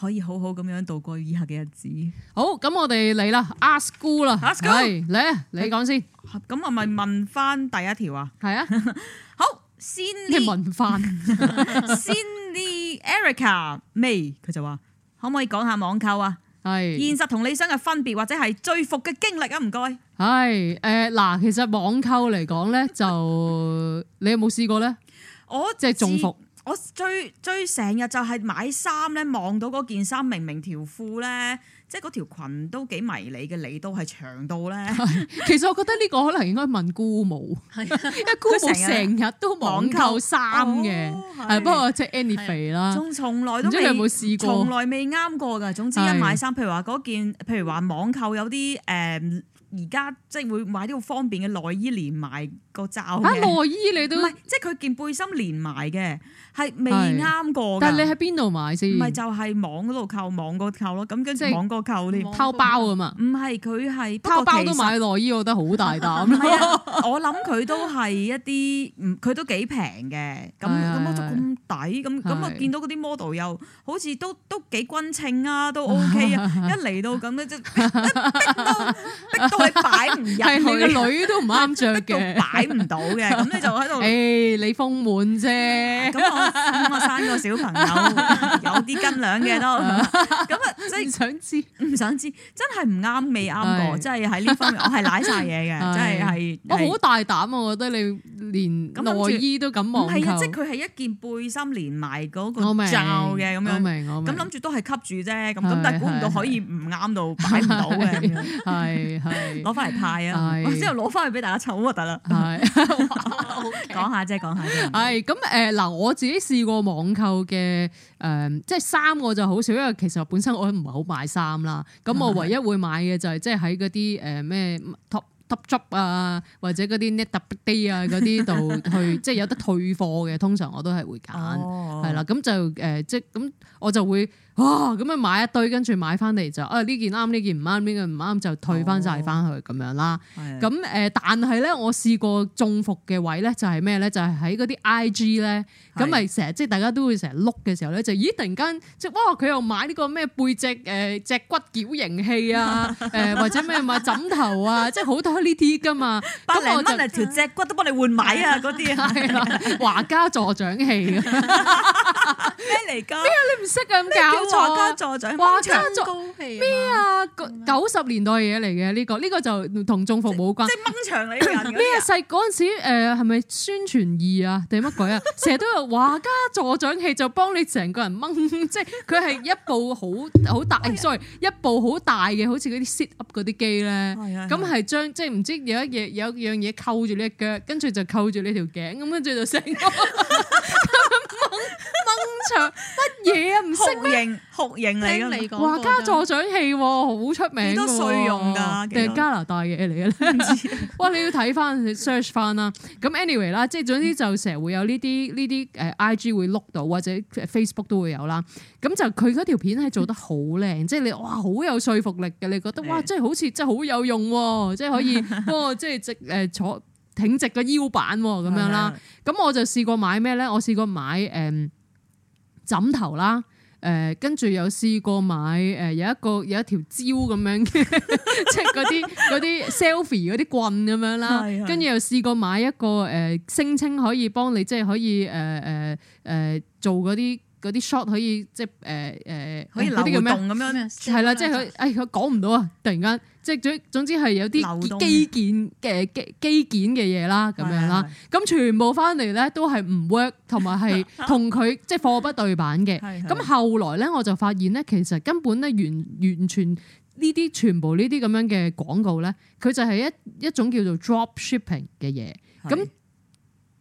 可以好好咁樣度過以下嘅日子。好，咁我哋嚟啦，ask，Ask 姑啦，係嚟，啊 Ask Gu!，你講先。咁係咪問翻第一條啊？係啊的， <laughs> 好，先你問翻先，啲 Erica May 佢就話。可唔可以講下網購是啊？係現實同理想嘅分別或者係最伏嘅經歷啊？唔該。係誒，嗱，其實網購嚟講咧， <laughs> 就你有冇試過咧？我即自係中伏。我最最成日就係買衫咧，望到嗰件衫明明條褲咧，即係嗰條裙都幾迷你嘅，你都係長到咧。 <laughs> 其實我覺得呢個可能應該問姑母， <laughs> 因為姑母成日經都網購衫嘅。係不過即係 any 肥啦，仲、哦、從來都未，有冇試過，從來未啱過㗎。總之一買衫，譬如話嗰件，譬如話網購有啲誒，而家即係會買啲好方便嘅內衣連買。個罩啊，內衣你都唔係，即係佢件背心連埋嘅，係未啱過。但係你喺邊度買先？唔係就係網嗰度購網個購咯。咁跟住網個購，連包包啊嘛？唔係佢係包包都買內衣，我覺得好大膽咯。我諗佢都係一啲佢都幾平嘅。咁個魔咁抵咁咁啊！見到嗰啲 model 又好似都都幾均稱啊，都 OK 啊！一嚟到咁咧，即係逼到逼到你擺唔入，係你個女都唔啱著嘅，擺。睇唔到嘅，咁你就喺度。誒，你豐滿啫。咁我咁我生個小朋友有啲斤兩嘅都。咁啊，即係唔想知，唔想知，真係唔啱，未啱過，即係喺呢方面，我係瀨晒嘢嘅，真係係。我好大膽啊！我覺得你連內衣都敢望。唔係啊，即係佢係一件背心連埋嗰個罩嘅咁樣。咁諗住都係吸住啫，咁咁但係估唔到可以唔啱到擺唔到嘅，係係攞翻嚟派啊！之後攞翻去俾大家抽啊，得啦。講 <laughs> okay. 下即係講下嘅，係咁誒，嗱、呃、我自己試過網購嘅，誒、呃，即係衫我就好少，因為其實本身我唔係好買衫啦。咁我唯一會買嘅就係即係喺嗰啲誒咩 Top Topshop 啊，或者嗰啲 Net A Day 啊嗰啲度去， <laughs> 即係有得退貨嘅，通常我都係會揀，係啦、哦。咁就誒、呃、即係咁，我就會。哇！咁咪買一堆，跟住買翻嚟就，啊呢件啱，呢件唔啱，呢件唔啱就退翻曬翻去咁樣啦。咁誒，但係咧，我試過中伏嘅位咧，就係咩咧？就係喺嗰啲 I G 咧，咁咪成日即係大家都會成日碌嘅時候咧，就咦突然間即係哇佢又買呢個咩背脊誒脊骨矯形器啊誒或者咩買枕頭啊，即係好多呢啲噶嘛。百零蚊條脊骨都幫你換埋啊！嗰啲係啦，華家助長器咩嚟㗎？咩啊？你唔識咁搞？華家助長，華家助咩啊？九十年代嘢嚟嘅呢個，呢個就同中服冇關。即係掹牆你人咩啊？細嗰陣時誒，係咪宣傳儀啊？定乜鬼啊？成日都有華家助長器，就幫你成個人掹，即係佢係一部好好大，sorry，一部好大嘅，好似嗰啲 sit up 嗰啲機咧。咁係將即係唔知有一嘢有一樣嘢扣住呢隻腳，跟住就扣住呢條頸，咁跟住就成個掹。乜嘢啊？唔識咩？酷刑酷刑嚟噶，你講華家助漲器，好出名都幾用噶？定係加拿大嘅嚟嘅咧？唔知 <laughs> 哇！你要睇翻 search 翻啦。咁 anyway 啦，即係總之就成日會有呢啲呢啲誒，IG 會碌到或者 Facebook 都會有啦。咁就佢嗰條片係做得好靚，即係、嗯、你哇，好有說服力嘅。你覺得哇，即係好似真係好有用，啊，即係 <laughs> 可以，哇，即係直誒坐挺直個腰板咁樣啦。咁的我就試過買咩咧？我試過買誒。嗯枕頭啦，誒、呃，跟住又試過買誒、呃，有一個有一條蕉咁樣，即係嗰啲嗰啲 selfie 嗰啲棍咁樣啦，跟住又試過買一個誒聲稱可以幫你即係可以誒誒誒做嗰啲。嗰啲 shot 可以即係誒誒誒，嗰啲叫咩？係啦些，即係佢誒，佢講唔到啊！突然間即係總之係有啲基建嘅基基建嘅嘢啦，咁樣啦，咁全部翻嚟咧都係唔 work，同埋係同佢即係貨不對版嘅。咁後來咧，我就發現咧，其實根本咧完完全呢啲全部呢啲咁樣嘅廣告咧，佢就係一一種叫做 dropshipping 嘅嘢。咁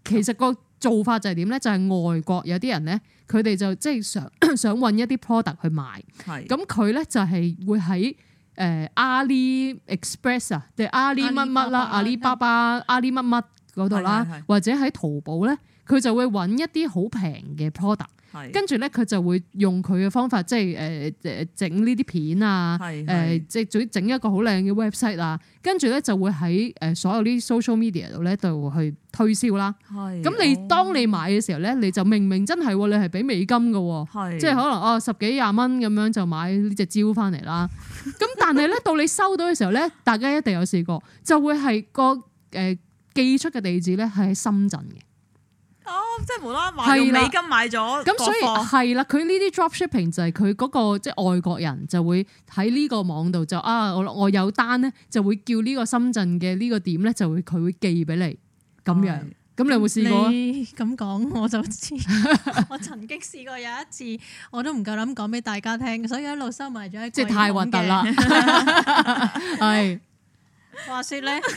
其實個。做法就係點咧？就係、是、外國有啲人咧，佢哋就即係想想揾一啲 product 去賣。咁佢咧就係會喺誒阿里 Express 啊是，即定阿里乜乜啦，阿里巴巴、阿里乜乜嗰度啦，或者喺淘寶咧，佢就會揾一啲好平嘅 product。跟住咧，佢就會用佢嘅方法，即係誒誒整呢啲片啊，誒即係整一個好靚嘅 website 啊。跟住咧就會喺誒所有啲 social media 度咧度去推銷啦。咁是，你當你買嘅時候咧，哦、你就明明真係你係俾美金嘅，是即係可能哦十幾廿蚊咁樣就買呢隻蕉翻嚟啦。咁但係咧到你收到嘅時候咧， <laughs> 大家一定有試過，就會係個誒寄出嘅地址咧係喺深圳嘅。哦、即係無啦，買用美金買咗。咁所以係啦，佢呢啲 dropshipping 就係佢嗰個即係、就係、外國人就會喺呢個網度就啊，我我有單咧，就會叫呢個深圳嘅呢個點咧，就會佢會寄俾你咁樣。咁、哎、你有冇試過？咁講我就知，我曾經試過有一次，我都唔夠膽講俾大家聽，所以一路收埋咗喺。即係太核突啦！係， <laughs> 話說咧。 <laughs>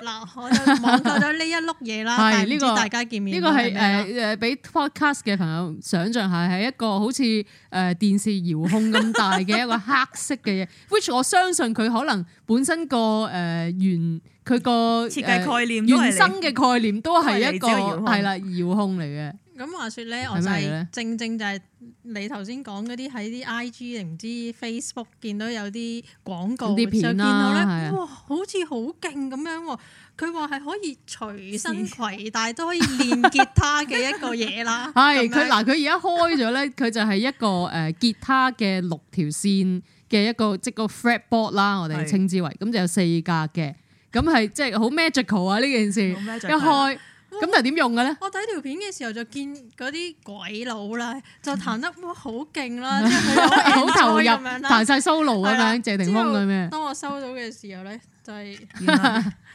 嗱，我就網購咗呢一碌嘢啦，唔 <laughs> 知大家見面呢個係誒誒，俾 <laughs> podcast 嘅朋友想象下，係一個好似誒電視遙控咁大嘅一個黑色嘅嘢 <laughs> ，which 我相信佢可能本身個誒原佢個設計概念、原生嘅概念都係一個係啦遙控嚟嘅。咁話說咧，我就正正就係你頭先講嗰啲喺啲 IG 定唔知 Facebook 見到有啲廣告，片就見到咧，是的 哇，好似好勁咁樣喎！佢話係可以隨身攜帶，都是的 可以練吉他嘅一個嘢啦。係佢嗱，佢而家開咗咧，佢就係一個誒吉他嘅六條線嘅 <laughs> 一個即一個 Fretboard 啦，我哋稱之為咁是的 就有四格嘅，咁係即係好 magical 啊！呢件事一開。咁就點用嘅咧？我睇條片嘅時候就見嗰啲鬼佬啦，就彈得哇好勁啦，即係好投入，彈晒 solo 咁樣。謝霆鋒嗰咩？當我收到嘅時候咧，就係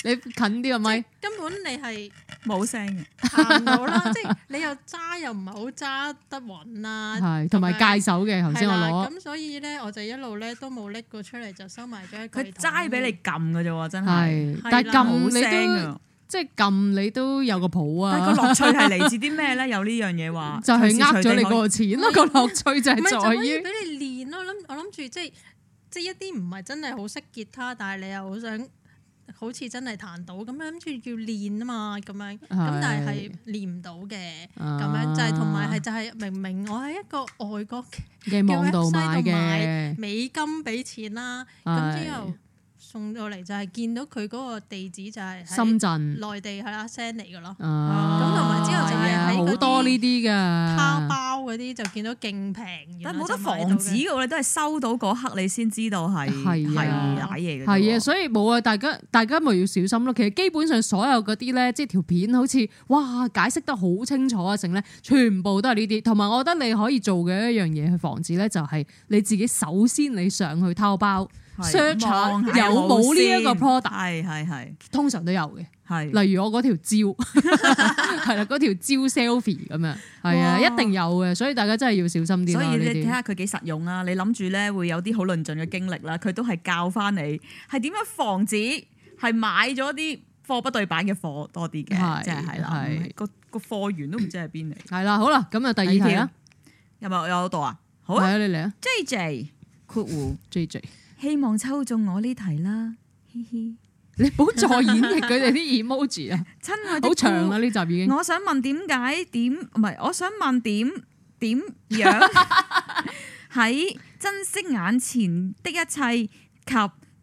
你近啲個咪？根本你係冇聲嘅，彈到啦！即係你又揸又唔係好揸得穩啦，同埋戒手嘅。頭先我攞咁所以咧，我就一路咧都冇拎過出嚟，就收埋咗一佢齋俾你撳㗎啫喎，真係。係，但係撳你都。即係撳你都有個譜啊，但係個樂趣係嚟自啲咩咧？有呢樣嘢，話就係呃咗你個錢咯，個樂趣就係在於俾你練咯。諗我諗住即係即係一啲唔係真係好識結他，但係你又想好想好似真係彈到咁樣，諗住要練啊嘛，咁樣咁但係練唔到嘅，咁樣就係同埋係就係、是、明明我係一個外國嘅叫喺西度買美金俾錢啦、啊，咁之的後。送到嚟就係見到佢嗰個地址就係深圳內地係啦 send 嚟嘅咯，咁同埋之後就係好多呢啲嘅淘寶嗰啲就見到勁平，但冇得防止嘅我哋都係收到嗰刻你先知道係係攋嘢嘅。係啊，啊，所以冇啊，大家大家咪要小心咯。其實基本上所有嗰啲咧，即係條片好似哇解釋得好清楚啊，剩咧全部都係呢啲。同埋我覺得你可以做嘅一樣嘢去防止咧，就係、是、你自己首先你上去淘寶。商場有冇呢一個 product？係係通常都有嘅。係例如我嗰條蕉，係啦嗰條蕉 selfie 咁樣，係啊一定有嘅。所以大家真係要小心啲。所以你睇下佢幾實用啦。你諗住咧會有啲好論盡嘅經歷啦。佢都係教翻你係點樣防止係買咗啲貨不對版嘅貨多啲嘅，即係係啦。個個貨源都唔知喺邊嚟。係啦，好啦，咁啊第二條啊，有冇有到啊？好啊，你嚟啊！J J 括弧 J J。希望抽中我呢題啦，嘻嘻！你唔好再演繹佢哋啲 emoji 啊，親愛， <laughs> 好長啊呢集已經。我想問點解？點唔係？我想問點點樣喺珍惜眼前的一切及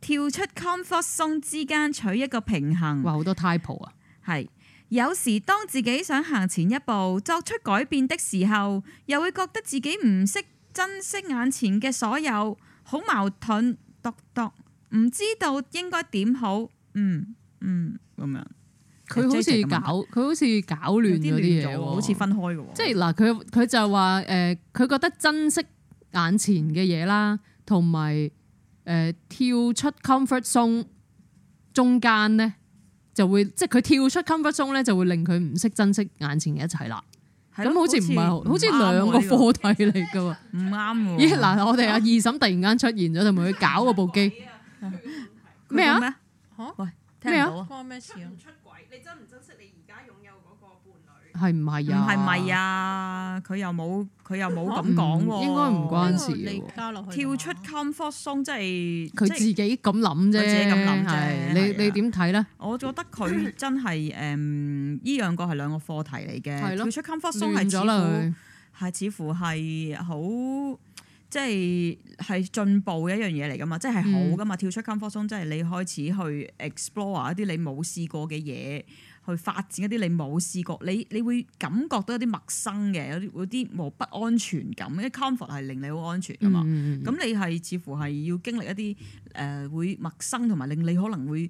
跳出 comfort zone 之間取一個平衡？哇，好多 type 啊！係有時當自己想行前一步，作出改變的時候，又會覺得自己唔識珍惜眼前嘅所有。好矛盾，篤篤，唔知道應該點好，嗯嗯咁樣。佢好似搞，佢好似搞亂咗啲嘢，好似分開嘅喎。即係嗱，佢佢就話誒，佢、呃、覺得珍惜眼前嘅嘢啦，同埋誒跳出 comfort zone 中間咧，就會即係佢跳出 comfort zone 咧，就會令佢唔識珍惜眼前嘅一切啦。咁好似唔係，好似兩個課題嚟㗎喎，唔啱喎。咦？嗱，我哋阿二嬸突然間出現咗，就咪去搞嗰部機。咩 <laughs> 啊？嚇！喂，聽唔到啊。講咩事啊？係唔係啊？唔係唔係啊！佢又冇佢又冇咁講喎，應該唔關事喎。跳出 comfort zone，即係佢自己咁諗啫。自己咁諗啫。你你點睇咧？我覺得佢真係誒，呢兩個係兩個課題嚟嘅。係咯。跳出 comfort zone 係似乎係似乎係好即係係進步一樣嘢嚟㗎嘛，即係係好㗎嘛。跳出 comfort zone 即係你開始去 explore 一啲你冇試過嘅嘢。去發展一啲你冇試過，你你會感覺到一啲陌生嘅，有啲有啲冇不安全感，因為 comfort 係令你好安全噶嘛。咁、嗯、你係似乎係要經歷一啲誒、呃、會陌生同埋令你可能會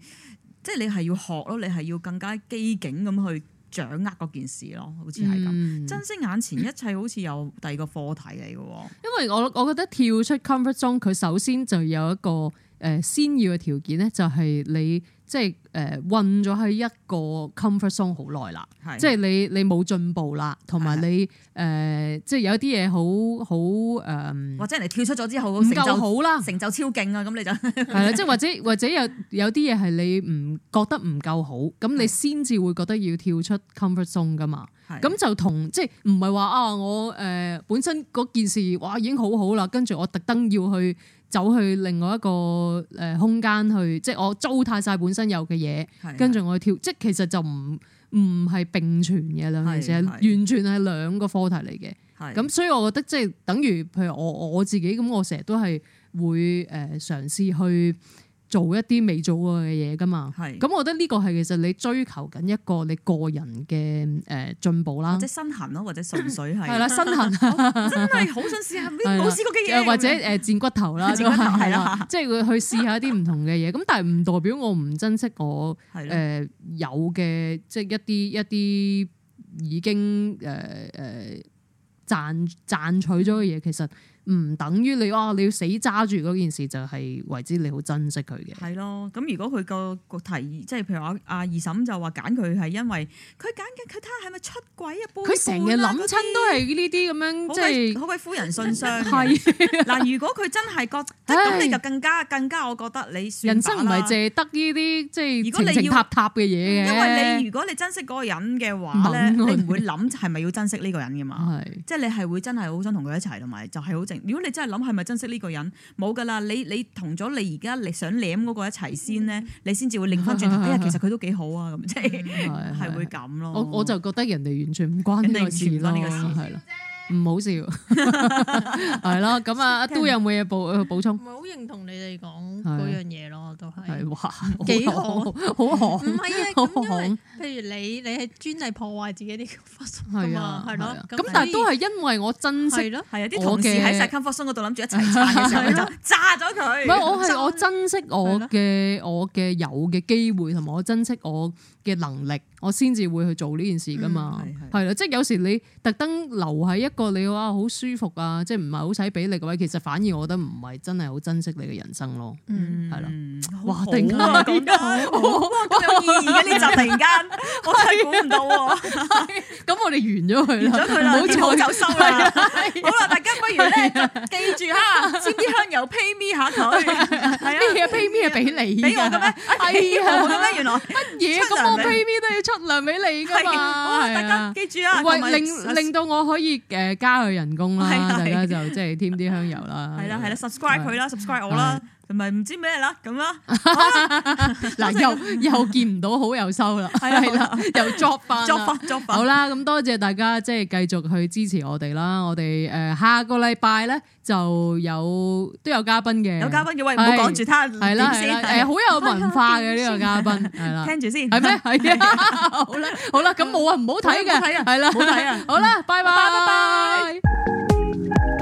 即係你係要學咯，你係要更加機警咁去掌握嗰件事咯，好似係咁珍惜眼前一切，好似有第二個課題嚟嘅。因為我我覺得跳出 comfort zone，佢首先就有一個誒先要嘅條件咧，就係、是、你。即係誒韞咗喺一個 comfort zone 好耐啦，即係你你冇進步啦，同埋你誒即係有啲嘢好好誒，或者你跳出咗之後夠好啦，成就超勁啊！咁你就係啦，即係或者或者有有啲嘢係你唔覺得唔夠好，咁是的 你先至會覺得要跳出 comfort zone 㗎嘛。咁是的 就同即係唔係話啊，我誒、呃、本身嗰件事哇已經好好啦，跟住我特登要去。走去另外一個誒空間去，即係我糟蹋晒本身有嘅嘢，是的 跟住我去跳，即係其實就唔唔係並存嘅兩件事，完全係兩個課題嚟嘅。咁是的 所以，我覺得即係等於譬如我我自己咁，我成日都係會誒嘗試去。做一啲未做過嘅嘢㗎嘛，咁是我覺得呢個係其實你追求緊一個你個人嘅誒進步啦，即係身痕咯，或者純粹係係啦身痕，我、 <laughs> <laughs> 哦、真係好想試下啲冇試過嘅嘢，或者誒賤骨頭啦，係的啦，即係會去試下一啲唔同嘅嘢。咁 <laughs> 但係唔代表我唔珍惜我誒有嘅，即、就、係、是、一啲一啲已經誒誒賺賺取咗嘅嘢，其實。唔等於你哦、啊，你要死揸住嗰件事就係、是、為之你好珍惜佢嘅。係咯，咁如果佢個個提議，即係譬如話阿二嬸就話揀佢係因為佢揀嘅，佢睇下係咪出軌一般，佢成日諗親都係呢啲咁樣，即係好鬼夫人信箱。係嗱，如果佢真係覺，咁你就更加更加，我覺得你算人生唔係借得呢啲，即係如果你要塔塔嘅嘢，因為你，如果你珍惜嗰個人嘅話咧，你唔會諗，係咪要珍惜呢個人嘅嘛。係，即係你係會真係好想同佢一齊，同埋就係好。如果你真係諗，係咪珍惜呢個人？冇噶啦，你你同咗你而家你想舐嗰個一齊先咧，你先至會擰翻轉頭， <laughs> 哎呀，其實佢都幾好啊，咁即係係會咁咯。我我就覺得人哋完全唔關呢個事咯，係啦。 <laughs> 唔好笑，係咯，咁啊，阿都有冇嘢補補充？唔係好認同你哋講嗰樣嘢咯，都係。係哇，幾好，幾好，唔係啊，咁因為譬如你你係專嚟破壞自己啲 function 㗎嘛，係咯。咁但係都係因為我珍惜咯，係啊，啲同事喺成間 function 嗰度諗住一齊撐嘅時候，你就炸咗佢。唔係我係我珍惜我嘅我嘅有嘅機會，同埋我珍惜我嘅能力，我先至會去做呢件事㗎嘛，係啦。即係有時你特登留喺一個。你話好舒服啊，即係唔係好使俾你嘅位，其實反而我覺得唔係真係好珍惜你嘅人生咯。嗯，係啦，哇，定啊！點解咁有意義嘅呢集突然間，我真係估唔到。咁我哋完咗佢，完咗佢啦，好收啦。好啦，大家不如咧，記住吓，先啲香油 pay me 下佢，啲嘢 pay me 係俾你，俾我嘅咩？係啊，咁樣原來乜嘢咁我 pay me 都要出糧俾你噶嘛？大家記住啊，為令令到我可以嘅。加佢人工啦，大家就即係添啲香油啦。係喇係喇，subscribe 佢啦，subscribe 我啦。咪唔知咩啦咁啦，嗱又又見唔到好又收啦，係啦，又作法作法作法，好啦，咁多謝大家即係繼續去支持我哋啦，我哋誒下個禮拜咧就有都有嘉賓嘅，有嘉賓嘅喂唔好講住他，係啦，誒好有文化嘅呢個嘉賓，聽住先係咩？係啊，好啦好啦，咁冇啊唔好睇嘅，係啦，好睇啊，好啦，拜拜拜拜拜。